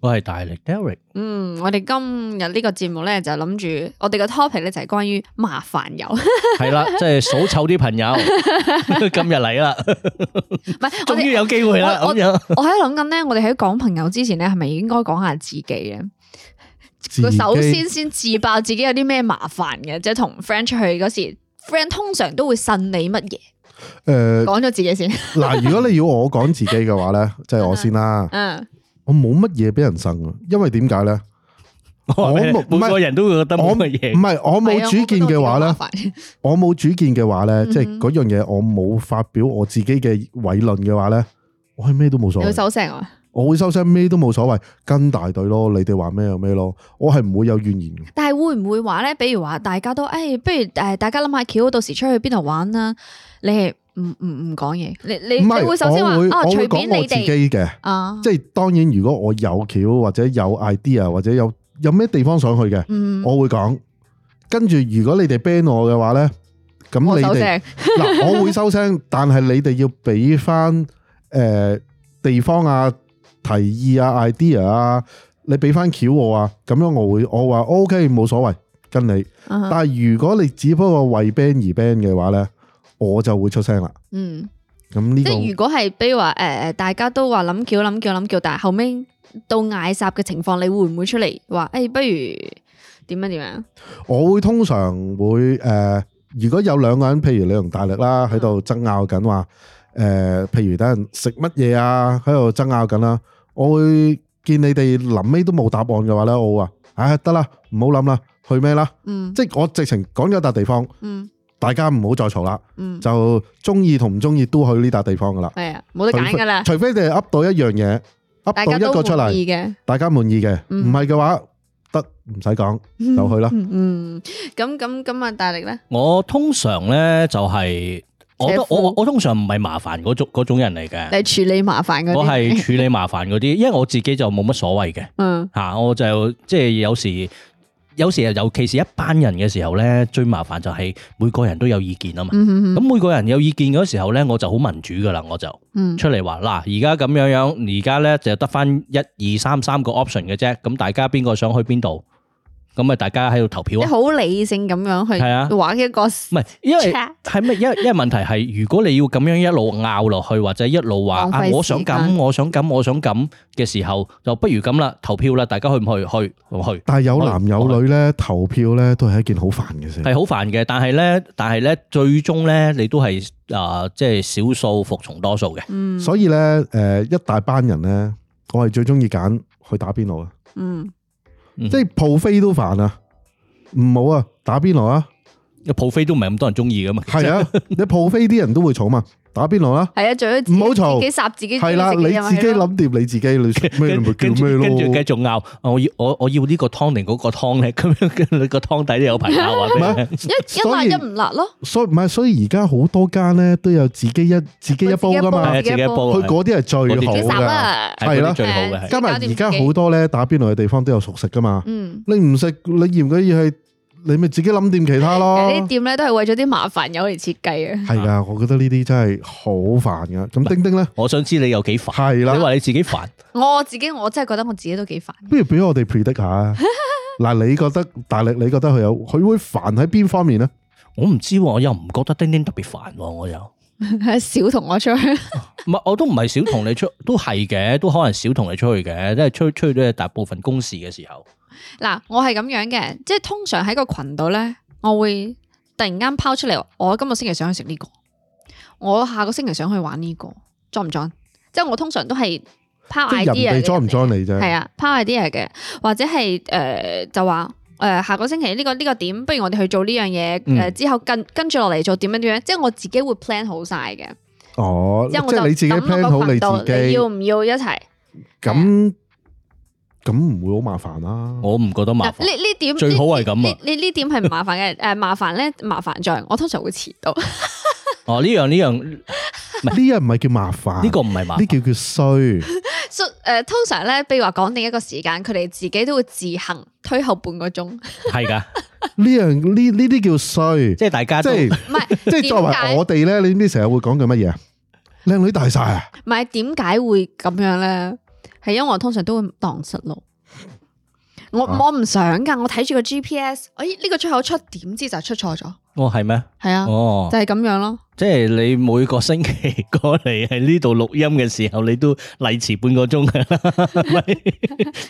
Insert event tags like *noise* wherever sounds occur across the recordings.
我係大力，Derek。嗯，我哋今日呢個節目咧就諗住，我哋個 topic 咧就係關於麻煩友。係 *laughs* 啦，即係數醜啲朋友。 *laughs* *laughs* 今日嚟啦，唔係終於有機會啦咁樣。我喺度諗緊咧，我哋喺講朋友之前咧，係咪應該講下自己啊？己首先先自爆自己有啲咩麻煩嘅，即係同 friend 出去嗰時，friend 通常都會信你乜嘢？誒、呃，講咗自己先。嗱， *laughs* 如果你要我講自己嘅話咧，即係我先啦。嗯。我冇乜嘢俾人信啊，因為點解咧？我冇每個人都會覺得是我乜嘢？唔係我冇主見嘅話咧，我冇主見嘅話咧， *laughs* 即係嗰樣嘢我冇發表我自己嘅偉論嘅話咧，我係咩都冇所謂。收聲啊！我會收聲，咩都冇所謂，跟大隊咯，你哋話咩就咩咯，我係唔會有怨言嘅。但係會唔會話咧？比如話大家都誒、哎，不如誒，大家諗下橋，到時出去邊度玩啊？你？唔唔唔講嘢，你你唔係你會首先話，我講會、啊、我會講自己嘅，啊、即係當然如果我有橋或者有 idea 或者有有咩地方想去嘅，嗯、我會講。跟住如果你哋 ban 我嘅話咧，咁你哋嗱我, *laughs* 我會收聲，但係你哋要俾翻誒地方啊、提議啊、idea 啊，你俾翻橋我啊，咁樣我會我話 OK 冇所謂，跟你。啊、哈但係如果你只不過為 ban 而 ban 嘅話咧。我就會出聲啦。嗯，咁呢？即係如果係，比如話誒，大家都話諗叫諗叫諗叫，但係後屘到嗌霎嘅情況，你會唔會出嚟話誒？不如點樣點樣？我會通常會誒，如果有兩個人，譬如你同大力啦，喺度爭拗緊話誒，譬如等人食乜嘢啊，喺度爭拗緊啦，我會見你哋臨尾都冇答案嘅話咧，我話哎得啦，唔好諗啦，去咩啦？嗯，即係我直情講咗一笪地方。嗯。大家唔好再嘈啦，就中意同唔中意都去呢笪地方噶啦，係啊，冇得揀噶啦。除非你係噏到一樣嘢，噏到一個出嚟，大家滿意嘅，大家滿意嘅。唔係嘅話，得唔使講，就去啦。嗯，咁咁咁啊，大力咧，我通常咧就係，我都我我通常唔係麻煩嗰種嗰種人嚟嘅，你處理麻煩嗰啲，我係處理麻煩嗰啲，因為我自己就冇乜所謂嘅。嗯，吓，我就即係有時。有時尤其是一班人嘅時候呢，最麻煩就係每個人都有意見啊嘛。咁、mm hmm. 每個人有意見嘅時候呢，我就好民主㗎喇，我就出嚟話嗱，而家咁樣樣，現在 1, 2, 3, 3而家呢就得返一二三三個 option 嘅啫。咁大家邊個想去邊度？咁咪大家喺度投票啊！好理性咁樣去係啊，玩一個唔係，因為係咩？因為因為問題係，如果你要咁樣一路拗落去，或者一路話啊，我想咁，我想咁，我想咁嘅時候，就不如咁啦，投票啦，大家去唔去？去，去。但係有男有女咧，投票咧都係一件好煩嘅事，係好煩嘅。但係咧，但係咧，最終咧，你都係啊，即係少數服從多數嘅。嗯，所以咧，誒，一大班人咧，我係最中意揀去打邊爐啊。嗯。即係鋪飛都煩啊，唔好啊，打邊爐啊，一鋪飛都唔係咁多人鍾意嘛，係啊， *laughs* 你鋪飛啲人都會吵嘛。打邊爐啦，係啊，仲要自己殺自己，係啦，你自己諗掂你自己，你咩你咪叫咩咯？跟住繼續拗，我要我我要呢個湯定嗰個湯咧，咁樣跟住你個湯底都有排拗啊。一一辣一唔辣咯？所以唔係，所以而家好多間咧都有自己一自己一煲噶嘛，自己一煲。佢嗰啲係最好嘅，係啦，最好嘅。加埋而家好多咧打邊爐嘅地方都有熟食噶嘛。嗯，你唔食你嫌嗰啲係。你咪自己諗掂其他咯。呢啲店咧都係為咗啲麻煩友嚟設計啊。係啊，我覺得呢啲真係好煩噶。咁丁丁咧，我想知你有幾煩。係啦的，你話你自己煩， *laughs* 我自己我真係覺得我自己都幾煩。不如俾我哋 predict 下嗱， *laughs* 你覺得大力？你覺得佢有佢會煩喺邊方面咧？我唔知，我又唔覺得丁丁特別煩。我又 *laughs* 少同我出去，唔 *laughs* 係我都唔係少同你出去，都係嘅，都可能少同你出去嘅，都係出出去都係大部分公事嘅時候。嗱，我係咁樣嘅，即係通常喺個群度咧，我會突然間拋出嚟，我今個星期想去食呢個，我下個星期想去玩呢個 join 唔 join？即係我通常都係拋 idea 嘅，即係人哋 join 唔 join 你啫？係啊，拋 idea 嘅，或者係誒、呃、就話誒、呃、下個星期呢個呢個點，不如我哋去做呢樣嘢？誒、嗯、之後跟跟住落嚟做點樣點樣？即係我自己會 plan 好晒嘅。哦，即係你自己 plan 好你，你自己，要唔要一齊？咁。嗯咁唔會好麻煩啦，我唔覺得麻煩。呢呢點最好係咁，你呢點係唔麻煩嘅。誒，麻煩咧，麻煩在，我通常會遲到。哦，呢樣呢樣，呢樣唔係叫麻煩，呢個唔係麻，呢叫佢衰。誒，通常咧，比如話講定一個時間，佢哋自己都會自行推後半個鐘。係噶，呢樣呢呢啲叫衰，即係大家即係唔係？即係作為我哋咧，你呢啲成日會講緊乜嘢啊？靚女大晒啊！唔係，點解會咁樣咧？係因為我通常都會蕩失路，我我唔想噶，我睇住個 GPS，我咦，呢個出口出，點知就出錯咗？哦係咩？係啊，哦就係咁樣咯。即係你每個星期過嚟喺呢度錄音嘅時候，你都嚟遲半個鐘噶啦。嗰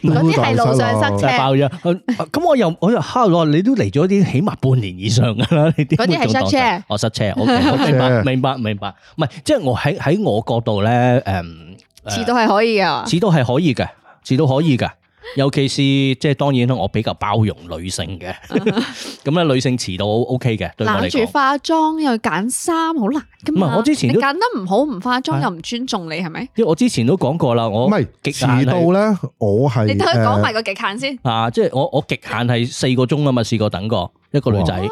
啲係路上塞車，咁我又我又敲落，你都嚟咗啲起碼半年以上噶啦。你啲嗰啲係塞車，我塞車，我明白明白明白，唔係即係我喺喺我角度咧，誒。遲到係可以嘅，遲到係可以嘅，遲到可以嘅，尤其是即係、就是、當然啦，我比較包容女性嘅，咁咧 *laughs* *laughs* 女性遲到 O K 嘅。攔住化妝又揀衫好難噶嘛，我之前揀得唔好，唔化妝又唔尊重你，係咪？因為我之前都講過啦，我極遲到咧，我係是你等佢講埋個極限先啊！即係我我極限係四個鐘啊嘛，試過等過一個女仔。哇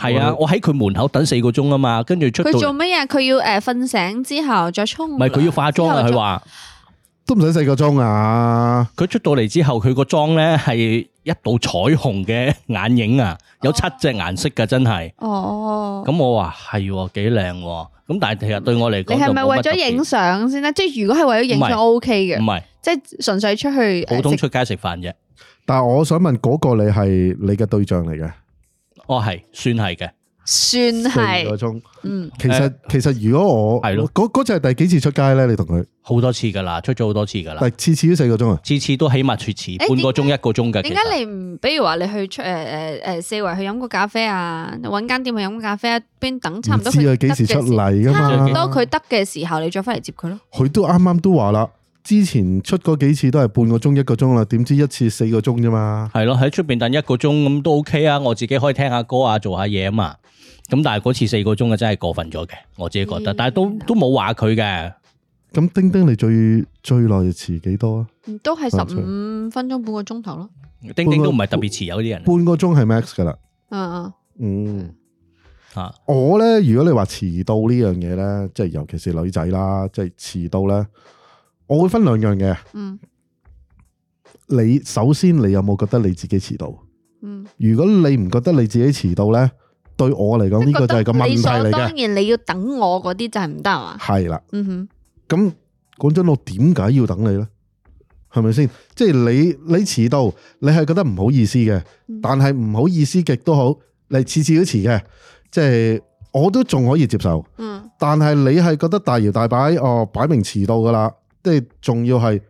係啊，我喺佢門口等四個鐘啊嘛，跟住出。佢做乜嘢？佢要誒瞓醒之後再沖涼。唔係，佢要化妝啊！佢話說都唔使四個鐘啊！佢出到嚟之後，佢個妝咧係一道彩虹嘅眼影啊，有七隻顏色噶，真係。哦。咁我話係，幾靚啊。咁但係其實對我嚟講，你係咪為咗影相先咧？即係如果係為咗影相，OK 嘅。唔係是，是即係純粹出去普通出街食飯啫。但係我想問，嗰個你係你嘅對象嚟嘅。哦，係算係嘅，算係四個鐘。嗯，其實其實如果我係咯，嗰嗰唉次係第幾次出街咧？你同佢好多次噶啦，出咗好多次噶啦，係次次都四個鐘啊，次次都起碼脫遲半個鐘、欸、一個鐘嘅。點解你唔，比如話你去出誒誒誒四圍去飲個咖啡啊，搵間店去飲咖啡一邊等，差唔多。知啊，幾時、啊、時出嚟噶嘛？差唔多佢得嘅時候，你再翻嚟接佢咯。佢都啱啱都話啦。之前出嗰幾次都係半個鐘一個鐘啦，點知一次四個鐘啫嘛？係咯，喺出邊等一個鐘咁都 OK 啊，我自己可以聽下歌啊，做下嘢啊嘛。咁但係嗰次四個鐘就真係過分咗嘅，我自己覺得。但係都、嗯、都冇話佢嘅。咁丁丁你最最耐遲幾多啊？都係十五分鐘半個鐘頭咯。丁丁都唔係特別遲有啲人半。半個鐘係 max 噶啦。嗯嗯、啊啊、嗯。吓、啊，我咧，如果你話遲到呢樣嘢咧，即係尤其是女仔啦，即係遲到咧。我會分兩樣嘅。嗯。你首先，你有冇覺得你自己遲到？嗯。如果你唔覺得你自己遲到呢，對我嚟講，呢個就係個問題嚟嘅。當然你要等我嗰啲就係唔得係嘛？係啦了。嗯哼。咁講真，我點解要等你呢？係咪先？即係你你遲到，你係覺得唔好意思嘅。但係唔好意思極都好，你次次都遲嘅，即係我都仲可以接受。嗯。但係你係覺得大搖大擺，哦，呃，擺明遲到噶啦。即係仲要係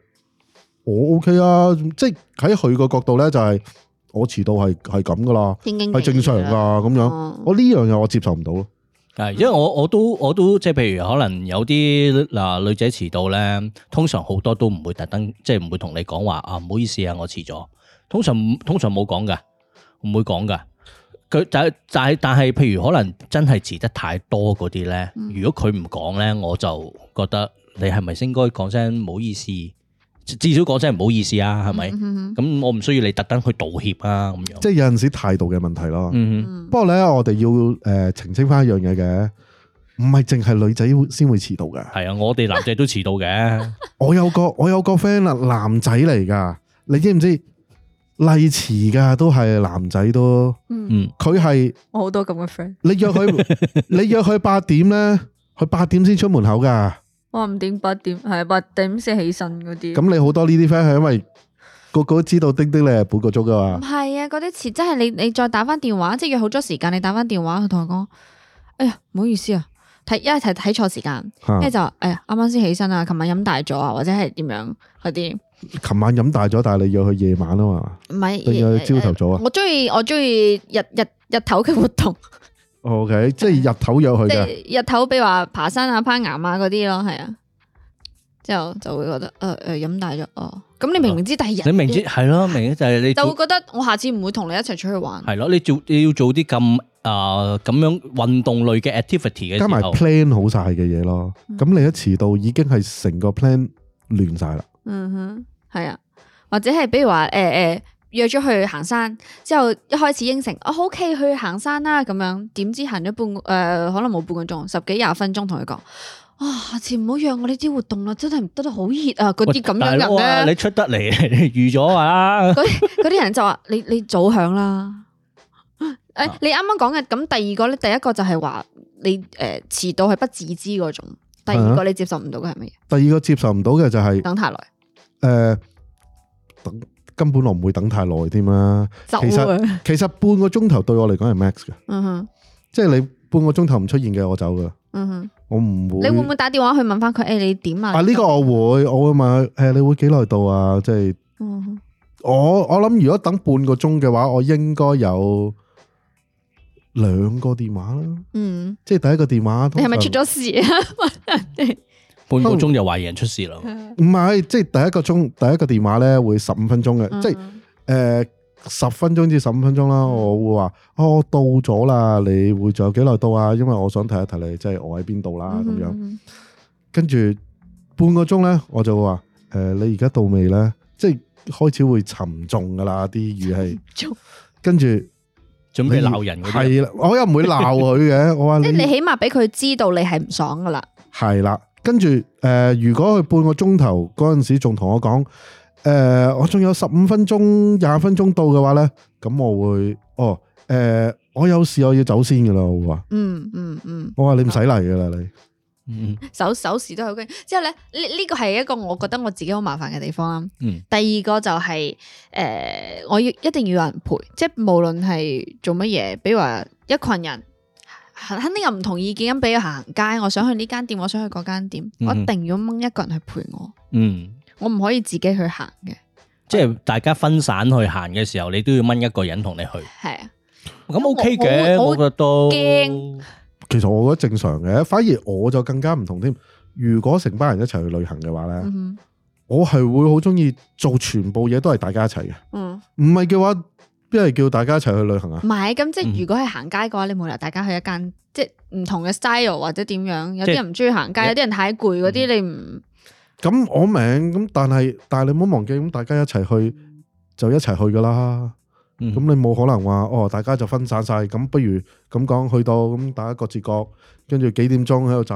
我 OK 啊！即係喺佢個角度咧，就係我遲到係係咁噶啦，係正常噶咁樣。我呢樣嘢、哦、我接受唔到咯。係因為我我都我都即係，譬如可能有啲嗱女仔遲到咧，通常好多都唔會特登，即係唔會同你講話啊，唔好意思啊，我遲咗。通常通常冇講噶，唔會講噶。佢但係但係但係，譬如可能真係遲得太多嗰啲咧，如果佢唔講咧，我就覺得。你係咪應該講聲唔好意思？至少講聲唔好意思啊，係咪？咁、嗯嗯、我唔需要你特登去道歉啊，咁樣。即係有陣時態度嘅問題咯、嗯哼。不過咧，我哋要誒澄清翻一樣嘢嘅，唔係淨係女仔先會遲到嘅。係啊，我哋男仔都遲到嘅 *laughs* 。我有個我有個 friend 啦，男仔嚟噶，你知唔知？例遲噶都係男仔都。嗯，佢係是我好多咁嘅 friend。你約佢，你約佢八點咧，佢八點先出門口噶。我五點八點係八點先起身嗰啲。咁你好多呢啲 friend 係因為個個都知道丁丁咧半個鐘噶嘛。唔係啊，嗰啲詞即係你你再打翻電話，即係約好咗時間，你打翻電話佢同我講，哎呀唔好意思啊，睇一睇睇錯時間，跟住、啊、就哎呀啱啱先起身啊，琴晚飲大咗啊，或者係點樣嗰啲。琴晚飲大咗，但係你要去夜晚啊嘛。唔係，你要去朝頭早啊。我中意我中意日日日，日頭嘅活動。O、okay, K，即係日頭有去嘅。嗯、日頭，比如話爬山啊、攀岩啊嗰啲咯，係啊，之後就會覺得誒誒飲大咗哦。咁你明明知第日，你明知係咯，明，明就係你就會覺得我下次唔會同你一齊出去玩。係咯，你做你要做啲咁啊咁樣運、呃、動類嘅 activity 嘅加埋 plan 好曬嘅嘢咯。咁你一遲到，已經係成個 plan 亂晒啦。嗯哼，係啊，或者係比如話誒誒。呃呃約咗去行山，之後一開始應承我 OK 去行山啦，啊，咁樣點知行咗半誒、呃，可能冇半個鐘，十幾廿分鐘，同佢講，啊，下次唔好約我呢啲活動啦，真係唔得得好熱啊！嗰啲咁樣人咧，你出得嚟預咗啊！嗰啲人就話你你早響啦，誒、 *laughs* 哎，你啱啱講嘅咁第二個咧，第一個就係話你誒遲、呃、到係不自知嗰種，第二個你接受唔到嘅係乜嘢？第二個接受唔到嘅就係等太耐，誒、嗯，嗯嗯嗯根本我唔會等太耐添啦，其實其實半個鐘頭對我嚟講係 max 噶嗯哼，即係你半個鐘頭唔出現嘅我走噶嗯哼，我唔會，你會唔會打電話去問翻佢？誒，你點啊？啊，呢個我會，我會問佢，誒，你會幾耐到啊？即係，我我諗如果等半個鐘嘅話，我應該有兩個電話啦，嗯，即係第一個電話，你係咪出咗事啊？半個鐘就話有人出事啦，唔係，即係第一個鐘第一個電話咧會十五分鐘嘅，即係誒十分鐘至十五分鐘啦。我會話哦，到咗啦，你會仲有幾耐到啊？因為我想睇一睇你即係我喺邊度啦咁樣。跟住半個鐘咧，我就會話誒，你而家到未咧？即係開始會沉重噶啦，啲語氣跟住準備鬧人，係啦，我又唔會鬧佢嘅。我話即係你起碼俾佢知道你係唔爽噶啦，係啦。跟住，誒、呃，如果佢半個鐘頭嗰陣時仲同我講，誒、呃，我仲有十五分鐘、廿分鐘到嘅話咧，咁我會，哦，誒、呃，我有事我要走先嘅啦，我話、嗯，嗯嗯嗯，我話你唔使嚟嘅啦，嗯、你，嗯、手守時都好緊，之後咧，呢、這、呢個係一個我覺得我自己好麻煩嘅地方啦。嗯、第二個就係、是，誒、呃，我要一定要有人陪，即、就、係、是、無論係做乜嘢，比如話一群人。肯定有唔同意見咁，比如行街，我想去呢間店，我想去嗰間店，嗯、我一定要掹一個人去陪我。嗯，我唔可以自己去行嘅。即係大家分散去行嘅時候，你都要掹一個人同你去。係啊，咁、嗯、OK 嘅，我，我覺得都，驚。其實我覺得正常嘅，反而我就更加唔同添。如果成班人一齊去旅行嘅話咧，嗯、哼我係會好鍾意做全部嘢都係大家一齊嘅。嗯，唔係嘅話。邊係叫大家一齊去旅行啊？唔係，咁即係如果係行街嘅話，嗯、哼你冇理由大家去一間即係唔同嘅 style 或者點樣？有啲人唔中意行街，有啲人太攰，嗰啲、嗯、哼你唔不咁我明。咁但係，但係你唔好忘記，咁大家一齊去就一齊去㗎啦。咁、嗯、哼你冇可能話哦，大家就分散晒，咁不如。咁講去到咁，大家各自各，跟住幾點鐘喺度集，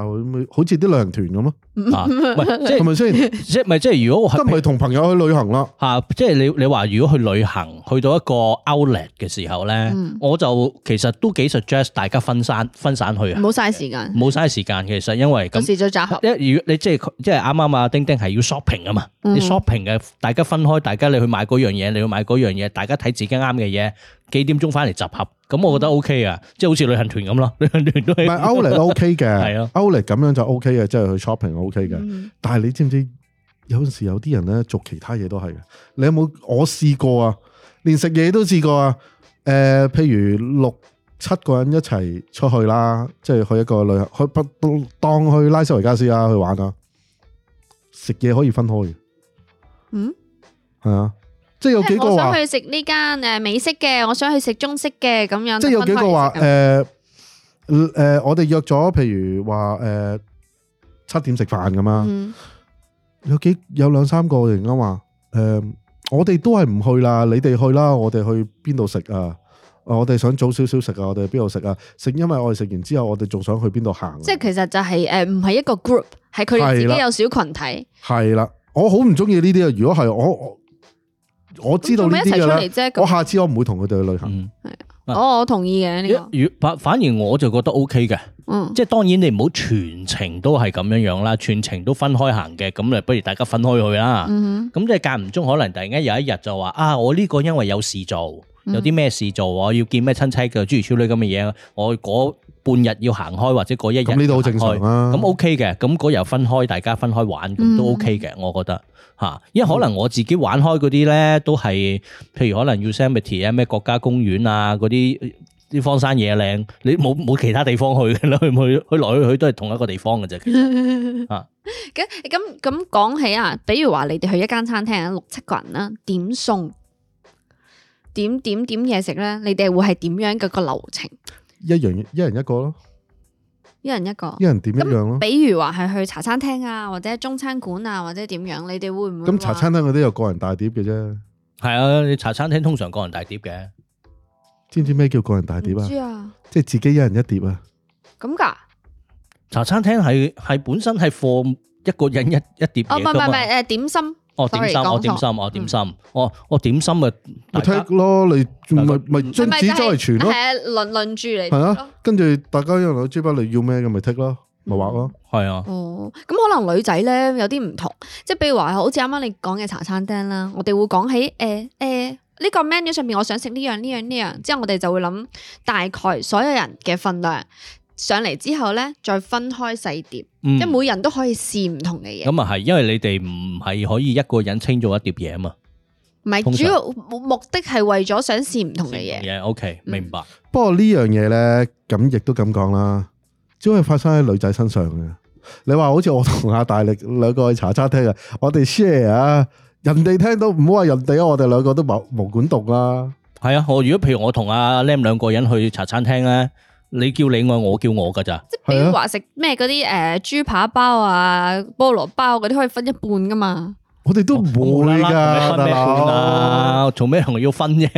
好似啲旅行團咁咯。係咪先？即係唔係即係如果我都唔係同朋友去旅行啦。嚇！即係你你話如果去旅行，去到一個 Outlet 嘅時候咧，我就其實都幾 suggest 大家分散分散去啊。冇嘥時間，冇嘥時間其實因為咁時再集。一如你即係即係啱啱啊，丁丁係要 shopping 啊嘛。你 shopping 嘅，大家分開，大家你去買嗰樣嘢，你去買嗰樣嘢，大家睇自己啱嘅嘢。幾點鐘翻嚟集合？咁我覺得 O K 啊，即係好似旅行團咁咯，旅行團都係。唔係 Outlet 都 O K 嘅，係啊，Outlet 咁樣就 O K 嘅，即係去 shopping 都 OK 嘅。嗯、但係你知唔知有陣時有啲人咧做其他嘢都係嘅？你有冇我試過啊？連食嘢都試過啊？誒、呃，譬如六七個人一齊出去啦，即係去一個旅行，去不當去拉斯維加斯啊，去玩啊！食嘢可以分開嘅，嗯，係啊。即係有幾個我想去食呢間誒美式嘅，我想去食中式嘅咁樣。即係有幾個話誒、誒、嗯呃呃呃，我哋約咗，譬如話誒、呃、七點食飯咁啊，有幾有兩三個人啊嘛。誒、呃，我哋都係唔去啦，你哋去啦。我哋去邊度食啊？我哋想早少少食啊。我哋去邊度食啊？食，因為我哋食完之後，我哋仲想去邊度行。即係其實就係、係、誒、唔、呃、係一個 group，係佢哋自己有小群體。係啦，我好唔中意呢啲啊。如果係我，我我我知道你一齊出嚟啫。我下次我唔會同佢哋去旅行。我、嗯哦，我同意嘅呢，這個。反反而我就覺得 O K 嘅，嗯，即係當然你唔好全程都係咁樣樣啦，全程都分開行嘅，咁你不如大家分開去啦。咁，嗯、哼即係間唔中可能突然間有一日就話啊，我呢個因為有事做，嗯，有啲咩事做，我要見咩親戚嘅，諸如此類咁嘅嘢，我嗰半日要行開或者嗰一日，咁呢度好正常啦，啊。咁 O K 嘅，咁嗰日分開大家分開玩，咁都 O K 嘅，我覺得。啊，因為可能我自己玩開嗰啲咧，都係，譬如可能 Yosemite 啊，咩國家公園啊，嗰啲啲荒山野嶺，你冇冇其他地方去嘅啦，去去去來去去都係同一個地方嘅啫。啊，咁咁咁講起啊，比如話你哋去一間餐廳六七個人啦，點餸？點點點嘢食咧？你哋會係點樣嘅個流程？一人一人一個咯。一人一個，一人點一樣咯？比如話係去茶餐廳啊，或者中餐館啊，或者點樣，你哋會唔會？咁茶餐廳嗰啲有個人大碟嘅啫。係啊，你茶餐廳通常個人大碟嘅，知唔知咩叫個人大碟啊？知啊，即係自己一人一碟啊。咁噶？茶餐廳係係本身係放一個人一一碟嘢㗎嘛？哦，唔係唔係誒點心。哦點心，我點心我點心，哦哦點心咪咪剔 a k e 咯，你咪咪將紙張嚟傳咯，輪輪住嚟。係啊，跟住大家用紙包你要咩嘅咪剔 a 咯，咪畫咯，係啊。哦，咁可能女仔咧有啲唔同，即係譬如話好似啱啱你講嘅茶餐廳啦，我哋會講起，誒誒呢個 menu 上面我想食呢樣呢樣呢樣之後，我哋就會諗大概所有人嘅份量。上嚟之後咧，再分開細碟，因為、嗯、每人都可以試唔同嘅嘢。咁啊係，因為你哋唔係可以一個人清咗一碟嘢啊嘛。唔係不常主要目的係為咗想試唔同嘅嘢。嘢 OK，明白。不過呢樣嘢咧，咁亦都咁講啦，只可以發生喺女仔身上嘅。你話好似我同阿大力兩個去茶餐廳啊，我哋 share 啊，人哋聽到唔好話人哋啊，我哋兩個都冇冇管動啦。係啊，我如果譬如我同阿 lem 兩個人去茶餐廳咧。你叫你愛我叫我噶咋？即係比如話食咩嗰啲誒豬扒包啊、菠蘿包嗰啲，可以分一半噶嘛？我哋都唔會噶，做咩同要分啫？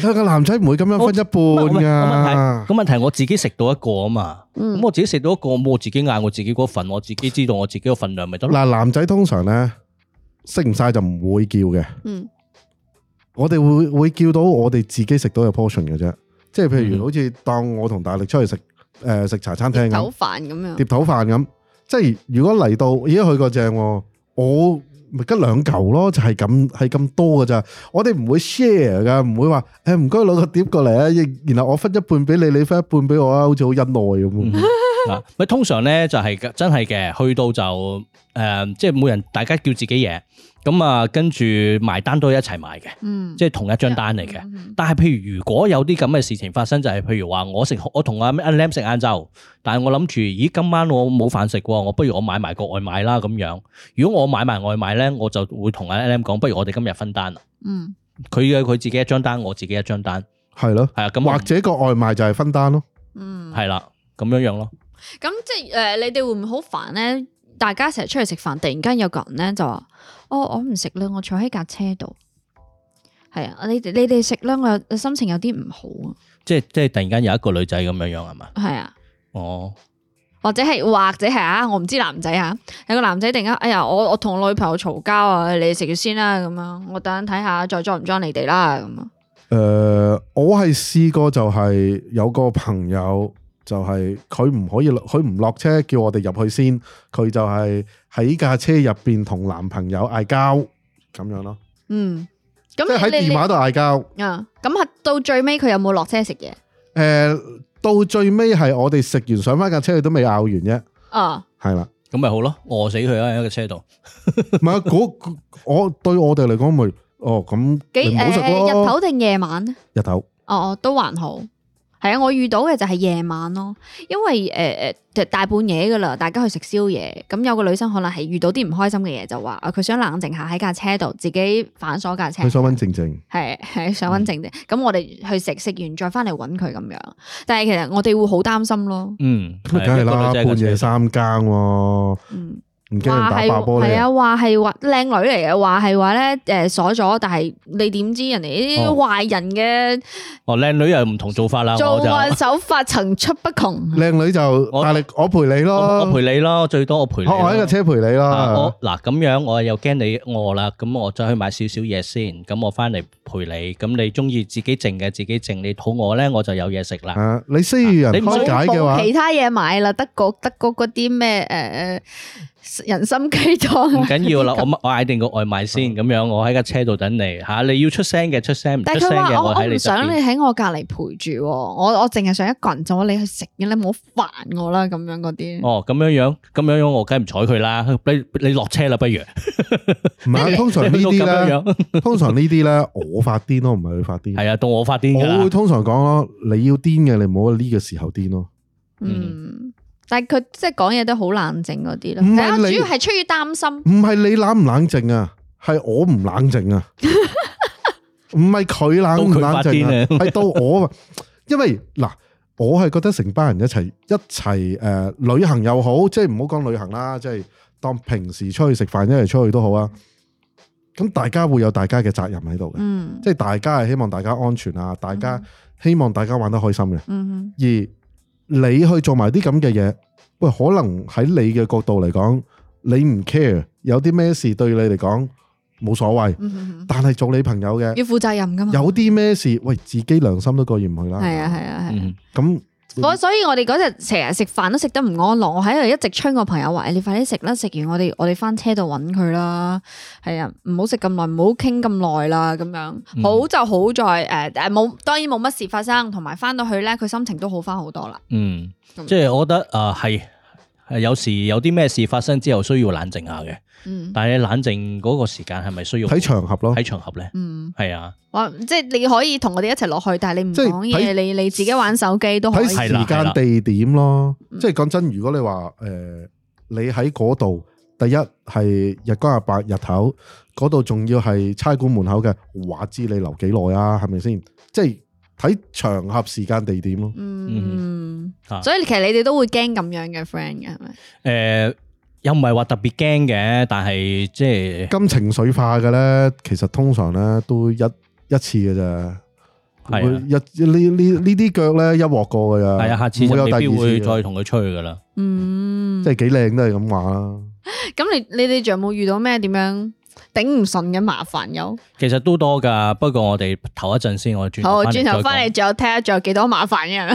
但係個男仔唔會咁樣分一半噶。咁問題我自己食到一個啊嘛，咁我自己食到一個，我自己嗌我自己嗰份，我自己知道我自己個份量咪得咯。嗱，男仔通常咧食唔晒就唔會叫嘅。我哋會會叫到我哋自己食到嘅 portion 嘅啫。即係譬如好似當我同大力出去食誒食茶餐廳咁，碟頭飯咁樣，碟頭飯咁。即係如果嚟到，咦去過正，我咪得兩嚿咯，就係咁，係咁多㗎咋。我哋唔會 share 㗎，唔會話誒唔該攞個碟過嚟啊，然後我分一半俾你，你分一半俾我啊，好似好恩愛咁。咪通常咧就係真係嘅，去到就誒，即係每人大家叫自己嘢，咁啊，跟住埋單都一齊埋嘅，mm, 即係同一張單嚟嘅。Mm, mm, 但係，譬如如果有啲咁嘅事情發生，就係、是、譬如話，我食我同阿阿 Lam 食晏晝，但係我諗住，咦，今晚我冇飯食喎，我不如我買埋個外賣啦咁樣。如果我買埋外賣咧，我就會同阿阿 Lam 講，不如我哋今日分單啦。嗯，佢嘅佢自己一張單，我自己一張單，係咯，係啊，或者個外賣就係分單 *coughs* 咯。嗯，係啦，咁樣樣咯。咁即係誒，你哋會唔會好煩咧？大家成日出去食飯，突然間有個人咧就話。哦、我我唔食啦，我坐喺架車度係啊。你你哋食啦，我心情有啲唔好啊。即係即係突然間有一個女仔咁樣樣啊嘛，係啊哦，或，或者係或者係啊，我唔知男仔啊。有個男仔突然間，哎呀，我我同我女朋友嘈交啊，你食咗先啦咁啊。我等下睇下再裝唔裝你哋啦咁啊。誒、呃，我係試過就係有個朋友。就係佢唔可以落，佢唔落車叫我哋入去先。佢就係喺架車入邊同男朋友嗌交咁樣咯、嗯。嗯，咁即係喺電話度嗌交啊。咁係到最尾佢有冇落車食嘢？誒，到最尾係、嗯、我哋食完上翻架車，佢都未拗完啫。啊嗎，係啦，咁咪好咯，餓死佢啊！喺個車度，唔係啊，我、嗯嗯、對我哋嚟講咪哦咁唔好食咯。日頭定夜晚咧？日頭哦頭哦，都還好。係啊，我遇到嘅就係夜晚咯，因為誒誒、呃、大半夜噶啦，大家去食宵夜，咁有個女生可能係遇到啲唔開心嘅嘢，就話啊佢想冷靜下喺架車度自己反鎖架車，佢想溫靜靜，係係想溫靜靜，咁、嗯、我哋去食食完再翻嚟揾佢咁樣，但係其實我哋會好擔心咯，嗯，梗係啦，半夜三更喎、啊，嗯。話係係啊，話係話靚女嚟嘅，話係話咧誒鎖咗，但係你點知人哋啲壞人嘅？哦，靚女又唔同做法啦，作案手法層出不窮。靚女就我，我陪你咯，我陪你咯，最多我陪你咯。我架車陪你啦。我嗱咁樣，我又驚你餓啦，咁我再去買少少嘢先。咁我翻嚟陪你，咁你中意自己剩嘅自己剩。你肚餓咧，我就有嘢食啦。啊，你需要人開解嘅話，其他嘢買啦，德國德國嗰啲咩誒誒。人心雞湯唔緊要啦，這樣 我我嗌定個外賣先咁、嗯、樣，我喺架車度等你嚇。你要出聲嘅出聲，唔得。我你唔想你喺我隔離陪住我，我淨係想一個人做，你去食嘅，你唔好煩我啦咁樣嗰啲。哦，咁樣樣，咁樣樣我梗係唔睬佢啦。你你落車啦，不如。唔 *laughs* 係，通常呢啲咧， *laughs* 通常呢啲咧，我發癲咯，唔係佢發癲。係 *laughs* 啊，到我發癲。我會通常講咯，你要癲嘅，你唔好呢個時候癲咯。嗯。但係佢即係講嘢都好冷靜嗰啲咯，主要係出於擔心。唔係你冷唔冷靜啊，係我唔冷靜啊，唔係佢冷唔冷靜啊，係到，、啊、 *laughs* 到我。因為嗱，我係覺得成班人一齊一齊誒、呃、旅行又好，即係唔好講旅行啦，即、就、係、是、當平時出去食飯一齊出去都好啊。咁大家會有大家嘅責任喺度嘅，嗯、即係大家係希望大家安全啊，大家、嗯、希望大家玩得開心嘅。嗯。而你去做埋啲咁嘅嘢，喂，可能喺你嘅角度嚟講，你唔 care 有啲咩事對你嚟講冇所謂，嗯、哼但係做你朋友嘅要負責任噶嘛，有啲咩事喂，自己良心都過意唔去啦，係啊係啊係，咁、啊。嗯哼嗯、所以我，我哋嗰日成日食飯都食得唔安樂，我喺度一直催我朋友話，誒，你快啲食啦！食完我哋，我哋翻車度揾佢啦。係啊，唔好食咁耐，唔好傾咁耐啦。咁樣好就好在誒誒，冇、呃，當然冇乜事發生，同埋翻到去咧，佢心情都好翻好多啦。嗯，樣即係我覺得誒係誒，有時有啲咩事發生之後，需要冷靜下嘅。嗯，但係你冷靜嗰個時間係咪需要睇場合咯？睇場合咧，嗯，係啊，哇即係你可以同我哋一齊落去，但係你唔講嘢，你你自己玩手機都可以。睇時間地點咯，嗯、即係講真，如果你話誒、呃，你喺嗰度，第一係日光日白日頭，嗰度仲要係差館門口嘅，話知你留幾耐啊？係咪先？即係睇場合時間地點咯。嗯，咁所以其實你哋都會驚咁樣嘅 friend 嘅係咪？誒。呃又唔係話特別驚嘅，但係即係咁情緒化嘅咧，其實通常咧都一一次嘅咋，係一呢呢呢啲腳咧一鑊過嘅咋，係啊，下次就冇第二次，再同佢吹噶啦，嗯，即係幾靚都係咁話啦。咁你你哋仲有冇遇到咩點樣頂唔順嘅麻煩？有，其實都多噶，不過我哋頭一陣先，我轉好轉頭返嚟，仲有聽下仲有幾多麻煩嘅人。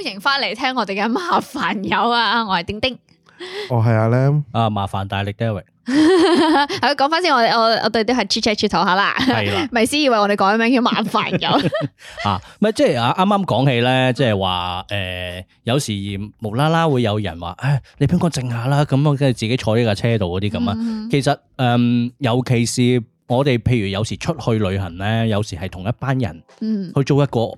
歡迎翻嚟聽我哋嘅麻煩友啊！我係丁丁，哦，係啊 lem，啊麻煩大力 David，好講翻先，我我我哋都係吹吹吹頭下啦。係啦，迷思以為我哋改名叫麻煩友啊，咪即係啊啱啱講起咧，即係話誒，有時無啦啦會有人話，誒、哎、你俾我靜下啦，咁樣跟住自己坐呢架車度嗰啲咁啊。其實誒、呃，尤其是我哋譬如有時出去旅行咧，有時係同一班人，嗯，去租一個。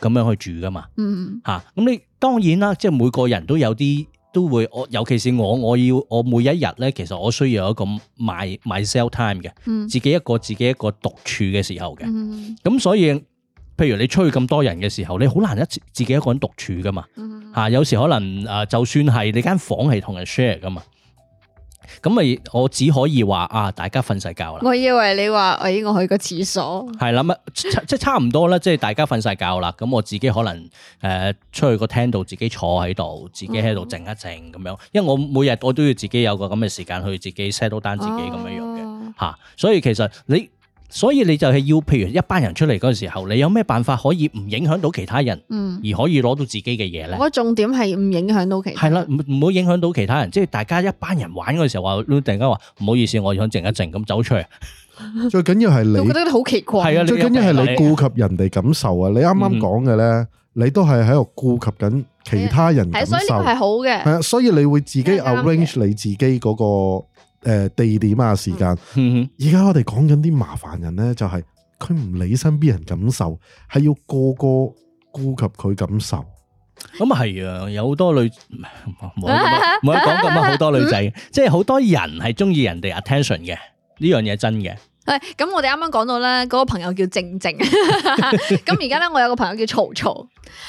咁樣去住噶嘛？嗯，吓、啊，咁你當然啦，即係每個人都有啲都會，我尤其是我，我要我每一日咧，其實我需要有一個賣賣 sell time 嘅，自己一個自己一個獨處嘅時候嘅。嗯，咁、啊、所以，譬如你出去咁多人嘅時候，你好難一自己一個人獨處噶嘛，吓、啊，有時可能誒、啊，就算係你間房係同人 share 噶嘛。咁咪我只可以話啊，大家瞓晒覺啦。我以為你話我、哎、我去個廁所。係啦啊，即係差唔多啦，即係大家瞓晒覺啦。咁我自己可能誒、呃、出去個廳度，自己坐喺度，自己喺度靜一靜咁樣。因為我每日我都要自己有個咁嘅時間去自己 set 到單自己咁、哦、樣樣嘅吓。所以其實你。所以你就係要，譬如一班人出嚟嗰陣時候，你有咩辦法可以唔影響到其他人，而可以攞到自己嘅嘢咧？我重點係唔影響到其他係啦，唔好影響到其他人，即係大家一班人玩嗰陣時候話，突然間話唔好意思，我想靜一靜咁走出嚟。最緊要係你，我覺得好奇怪。係啊，最緊要係你顧及人哋感受啊！你啱啱講嘅咧，你都係喺度顧及緊其他人感受，係所以呢個係好嘅。係啊，所以你會自己 arrange 你自己嗰個。誒，地點啊，時間，嗯，嗯，而家我哋講緊啲麻煩人咧，就係佢唔理身邊人感受，係要個個顧及佢感受。咁啊係啊，有好多女唔好咁樣，唔好咁樣講咁樣，好多女仔，嗯，即係好多人係中意人哋 attention 嘅呢樣嘢，真嘅。咁、嗯、我哋啱啱講到咧，嗰個朋友叫靜靜。咁而家咧，我有個朋友叫嘈嘈。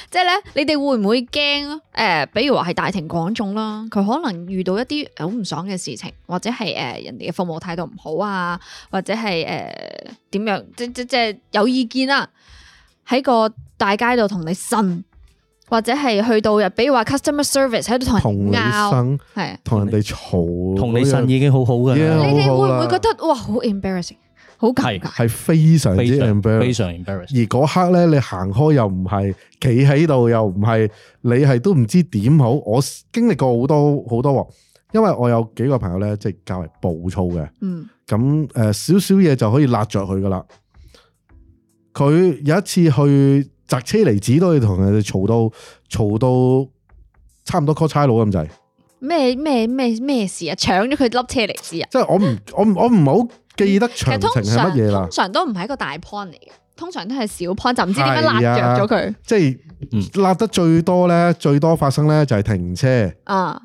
即係咧，你哋會唔會驚？誒，比如話係大庭廣眾啦，佢可能遇到一啲好唔爽嘅事情，或者係誒人哋嘅服務態度唔好啊，或者係誒點樣？即即即係有意見啦，喺個大街度同你呻，或者係去到比如話 customer service 喺度同人嘈，係同人哋嘈，同你呻是你已經好好㗎。你哋會唔會覺得哇，好 embarrassing。好係非常之 embarrass，非常 embarrass。embarrassing, 而嗰刻咧，你行開又唔係，企喺度又唔係，你係都唔知點好。我經歷過好多好多，因為我有幾個朋友咧，即係較為暴躁嘅。嗯，咁誒，少少嘢就可以辣着佢噶啦。佢有一次去摘車厘子，都要同人哋嘈到嘈到差唔多 call 差佬咁滯。咩咩咩咩事啊？搶咗佢粒車厘子啊！即係我唔，我我唔好。記得場情通常通常都唔係一個大 point 嚟嘅，通常都係小 point，就唔知點樣拉著咗佢。即係拉得最多咧，嗯、最多發生咧就係停車。啊！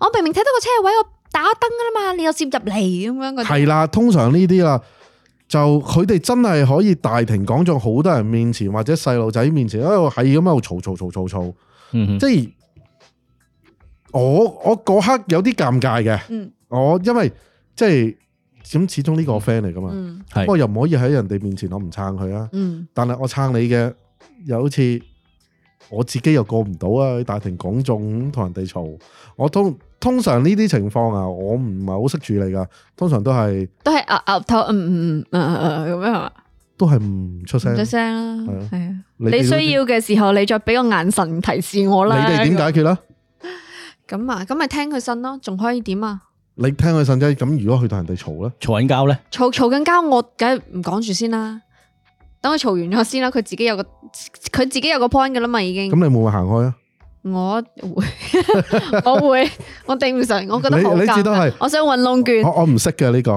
我明明睇到個車位，我打燈噶啦嘛，你又攝入嚟咁樣。係啦、啊，通常呢啲啦，就佢哋真係可以大庭廣眾好多人面前或者細路仔面前喺度係咁喺度嘈嘈嘈嘈嘈。嗯，即係我我嗰刻有啲尷尬嘅。嗯，我因為即係。就是咁始終呢個 friend 嚟噶嘛，嗯、不過又唔可以喺人哋面前我唔撐佢啊。嗯、但係我撐你嘅，又好似我自己又過唔到啊！大庭廣眾咁同人哋嘈，我通通常呢啲情況啊，我唔係好識處理噶，通常都係都係、呃呃呃、啊，咬、啊、套，嗯嗯嗯，咁樣係嘛，啊、 *laughs* 都係唔出聲，出聲係啊，啊。你需要嘅時候，你再俾個眼神提示我啦。你哋點解決啦？咁啊，咁咪聽佢信咯，仲可以點啊？你聽佢信啫，咁如果佢同人哋嘈咧，嘈緊交咧，嘈嘈緊交，我梗係唔講住先啦，等佢嘈完咗先啦，佢自己有個佢自己有個 point 嘅啦嘛，已經。咁你會唔我會行開啊？我會，我會，我頂唔順，我覺得你你都係，我想運龍卷，我唔識嘅呢個，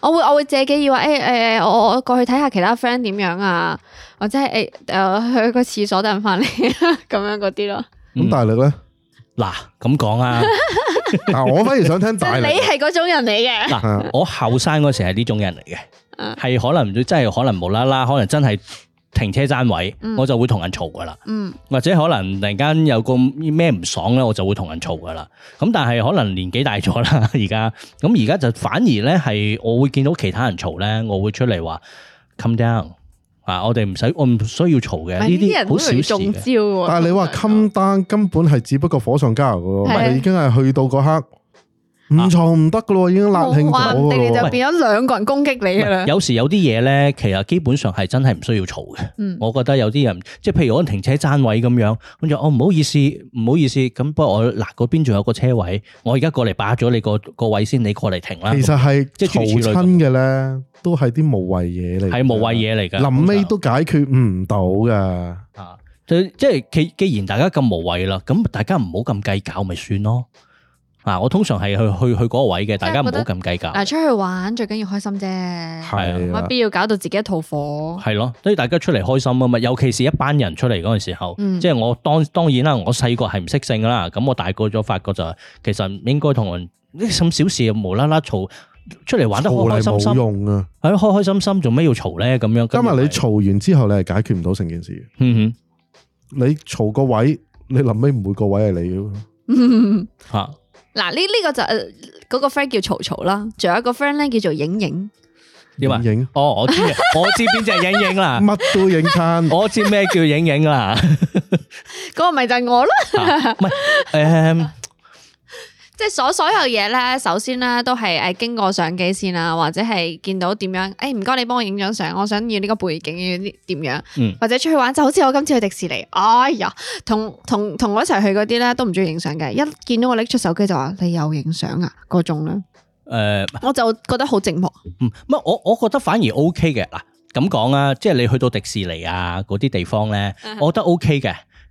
我會我會借機要啊？誒誒，我我過去睇下其他 friend 點樣啊，或者係誒誒去個廁所等翻你咁樣嗰啲咯。咁大力咧？嗱咁講啊！嗱，我反而想聽大，大。你係嗰種人嚟嘅。嗱，我後生嗰時係呢種人嚟嘅，係 *laughs* 可能真係可能無啦啦，可能真係停車爭位，嗯、我就會同人嘈噶啦。嗯，或者可能突然間有個咩唔爽咧，我就會同人嘈噶啦。咁但係可能年紀大咗啦，而家咁而家就反而咧係，我會見到其他人嘈咧，我會出嚟話 calm down。啊，我哋唔使，我唔需要嘈嘅。呢啲、哎、好少事。但係你話襟單根本係只不過火上加油咯，你已經係去到嗰刻。唔嘈唔得噶咯，已經立清楚噶咯。是就變咗兩個人攻擊你。有時有啲嘢咧，其實基本上係真係唔需要嘈嘅。嗯、我覺得有啲人，即係譬如我停車爭位咁樣，咁就哦，唔好意思，唔好意思。咁不過我嗱嗰邊仲有個車位，我而家過嚟霸咗你個個位先，你過嚟停啦。其實係嘈親嘅咧，都係啲無謂嘢嚟，係無謂嘢嚟噶。臨尾都解決唔到噶。啊，即係既既然大家咁無謂啦，咁大家唔好咁計較咪算咯。嗱、啊，我通常係去去去嗰個位嘅，大家唔好咁計較。嗱、啊，出去玩最緊要開心啫，啊，冇必要搞到自己一肚火。係咯、啊，所以大家出嚟開心啊嘛，尤其是一班人出嚟嗰陣時候，嗯、即係我當當然啦，我細個係唔識性噶啦，咁我大個咗發覺就係、是，其實應該同人呢咁、欸、小事無啦啦嘈，出嚟玩得好耐心冇用啊，係咯、哎，開開心心做咩要嘈咧？咁樣，今日你嘈完之後，你係解決唔到成件事。嗯哼，你嘈個位，你臨尾唔會個位係你嘅。吓、 *laughs* 啊。嗱，呢呢、這個就誒，嗰、呃那個 friend 叫曹操啦，仲有一個 friend 咧叫做影影。你影影？哦，我知啊，我知邊隻影影啦，乜都影親，我知咩叫影影啦。嗰 *laughs* 個咪就係我咯，唔係誒。 *laughs* 即係所所有嘢咧，首先咧都係誒經過相機先啦，或者係見到點樣誒，唔、哎、該你幫我影張相，我想要呢個背景要啲點樣，嗯、或者出去玩就好似我今次去迪士尼，哎呀，同同同我一齊去嗰啲咧都唔中意影相嘅，一見到我拎出手機就話你又影相啊，嗰種咧，誒、呃，我就覺得好寂寞。嗯，乜我我覺得反而 O K 嘅嗱，咁講啊，即係你去到迪士尼啊嗰啲地方咧，我覺得 O K 嘅。 *laughs*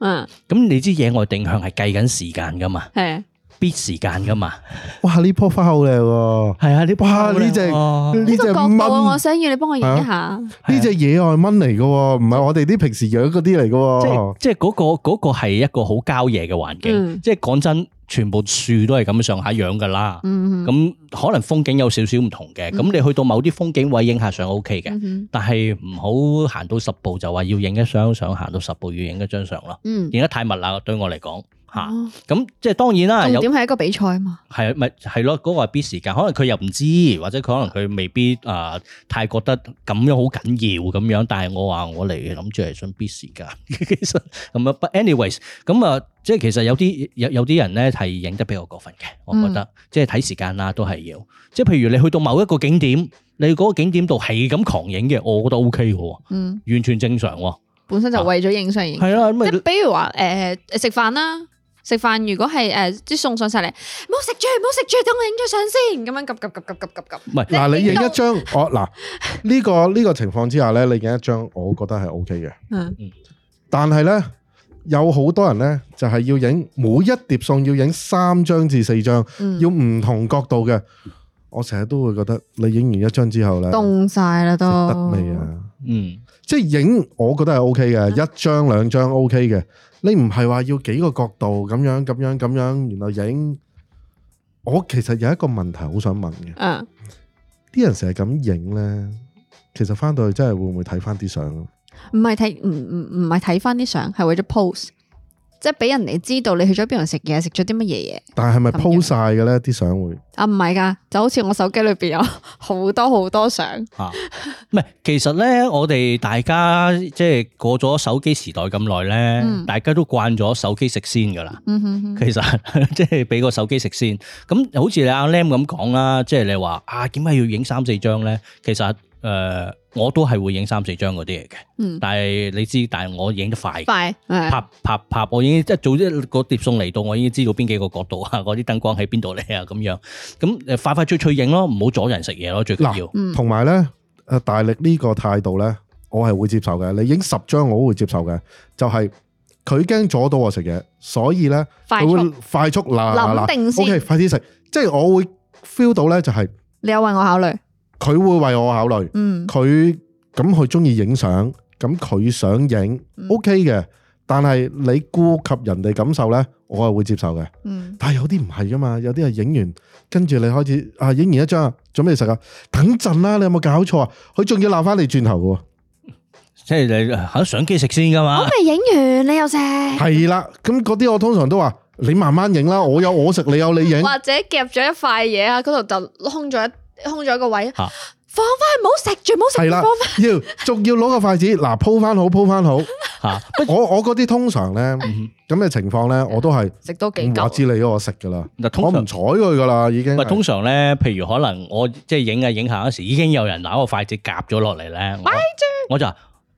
嗯，咁你知野外定向係計緊時間噶嘛？係、啊，必時間噶嘛？哇！呢棵花好靚喎，係啊！你、啊啊、哇！呢隻呢隻蚊，我想要你幫我影一下，呢隻、啊、野外蚊嚟噶，唔係我哋啲平時養嗰啲嚟噶。即係即係嗰個嗰、嗰個係一個好郊野嘅環境，嗯、即係講真。全部樹都係咁上下樣㗎啦，咁可能風景有少少唔同嘅，咁你、嗯、哼去到某啲風景位影下相 O K 嘅，嗯、哼但係唔好行到十步就話要影一張相，相，行到十步要影一張相咯，影、嗯、得太密啦對我嚟講。吓，咁即係當然啦。重點係一個比賽啊嘛，係咪係咯？嗰、嗰個係逼時間，可能佢又唔知，或者佢可能佢未必啊、呃、太覺得咁樣好緊要咁樣。但係我話我嚟諗住係想逼時間。 *laughs* 其實咁啊，but anyways，咁啊，即係其實有啲有有啲人咧係影得比較過分嘅。我覺得即係睇時間啦，都係要。即係譬如你去到某一個景點，你嗰個景點度係咁狂影嘅，我覺得 O K 嘅，嗯，完全正常、嗯。本身就為咗影相影係啦，咁啊，即係比如話誒食飯啦。呃食飯如果係誒啲餸上晒嚟，唔好食住，唔好食住，等我影咗相先。咁樣 𥄫𥄫𥄫𥄫𥄫𥄫𥄫 唔係，嗱是哪你影一張， *laughs* 我嗱呢、這個呢、這個情況之下咧，你影一張，我覺得係 O K 嘅。嗯，但係咧有好多人咧，就係、是、要影每一碟餸要影三張至四張，嗯、要唔同角度嘅。我成日都會覺得你影完一張之後咧，凍晒啦都，得未啊？嗯，即係影，我覺得係 O K 嘅，一張兩張 O K 嘅。你唔係話要幾個角度咁樣咁樣咁樣，然後影。我其實有一個問題好想問嘅。嗯。啲人成日咁影咧，其實翻到去真係會唔會睇翻啲相？唔係睇，唔唔唔係睇翻啲相，係為咗 post。即係俾人哋知道你去咗邊度食嘢，食咗啲乜嘢嘢。但係係咪鋪晒嘅咧？啲相會啊，唔係噶，就好似我手機裏邊有好多好多相。吓，唔係，其實咧，我哋大家即係過咗手機時代咁耐咧，嗯、大家都慣咗手機食先噶啦、嗯啊啊。其實即係俾個手機食先。咁好似你阿 Lam 咁講啦，即係你話啊，點解要影三四張咧？其實誒。我都係會影三四張嗰啲嚟嘅，但係你知，但係我影得快，快，拍拍拍，我已經即係早啲嗰碟送嚟到，我已經知道邊幾個角度啊，嗰啲燈光喺邊度嚟啊，咁樣，咁誒快快脆脆影咯，唔好阻人食嘢咯，最緊要，要。同埋咧，誒大力呢個態度咧，我係會接受嘅。你影十張我都會接受嘅，就係佢驚阻到我食嘢，所以咧會快速嗱，諗定先，OK，快啲速食，okay，即係我會 feel 到咧就係、是、你有為我考慮。佢會為我考慮，佢咁佢中意影相，咁佢想影、嗯、，OK 嘅。但係你顧及人哋感受咧，我係會接受嘅。嗯、但係有啲唔係噶嘛，有啲係影完跟住你開始啊，影完一張，做咩食啊？等陣啦，你有冇搞錯啊？佢仲要鬧翻你轉頭嘅，即係你喺相機食先噶嘛？我未影完，你又食？係啦，咁嗰啲我通常都話你慢慢影啦，我有我食，你有你影，或者夾咗一塊嘢啊，嗰度就空咗一。空咗個位，啊、放翻唔好食，仲唔好食，了放翻回，要仲要攞個筷子，嗱鋪翻好，鋪翻好，吓、啊，我我嗰啲通常咧咁嘅情況咧，嗯、哼我都係食到幾急，知你我食噶啦，常我唔睬佢噶啦，已經。咪通常咧，譬如可能我即係影啊影，下一時已經有人攞個筷子夾咗落嚟咧， *laughs* 我住，我就話，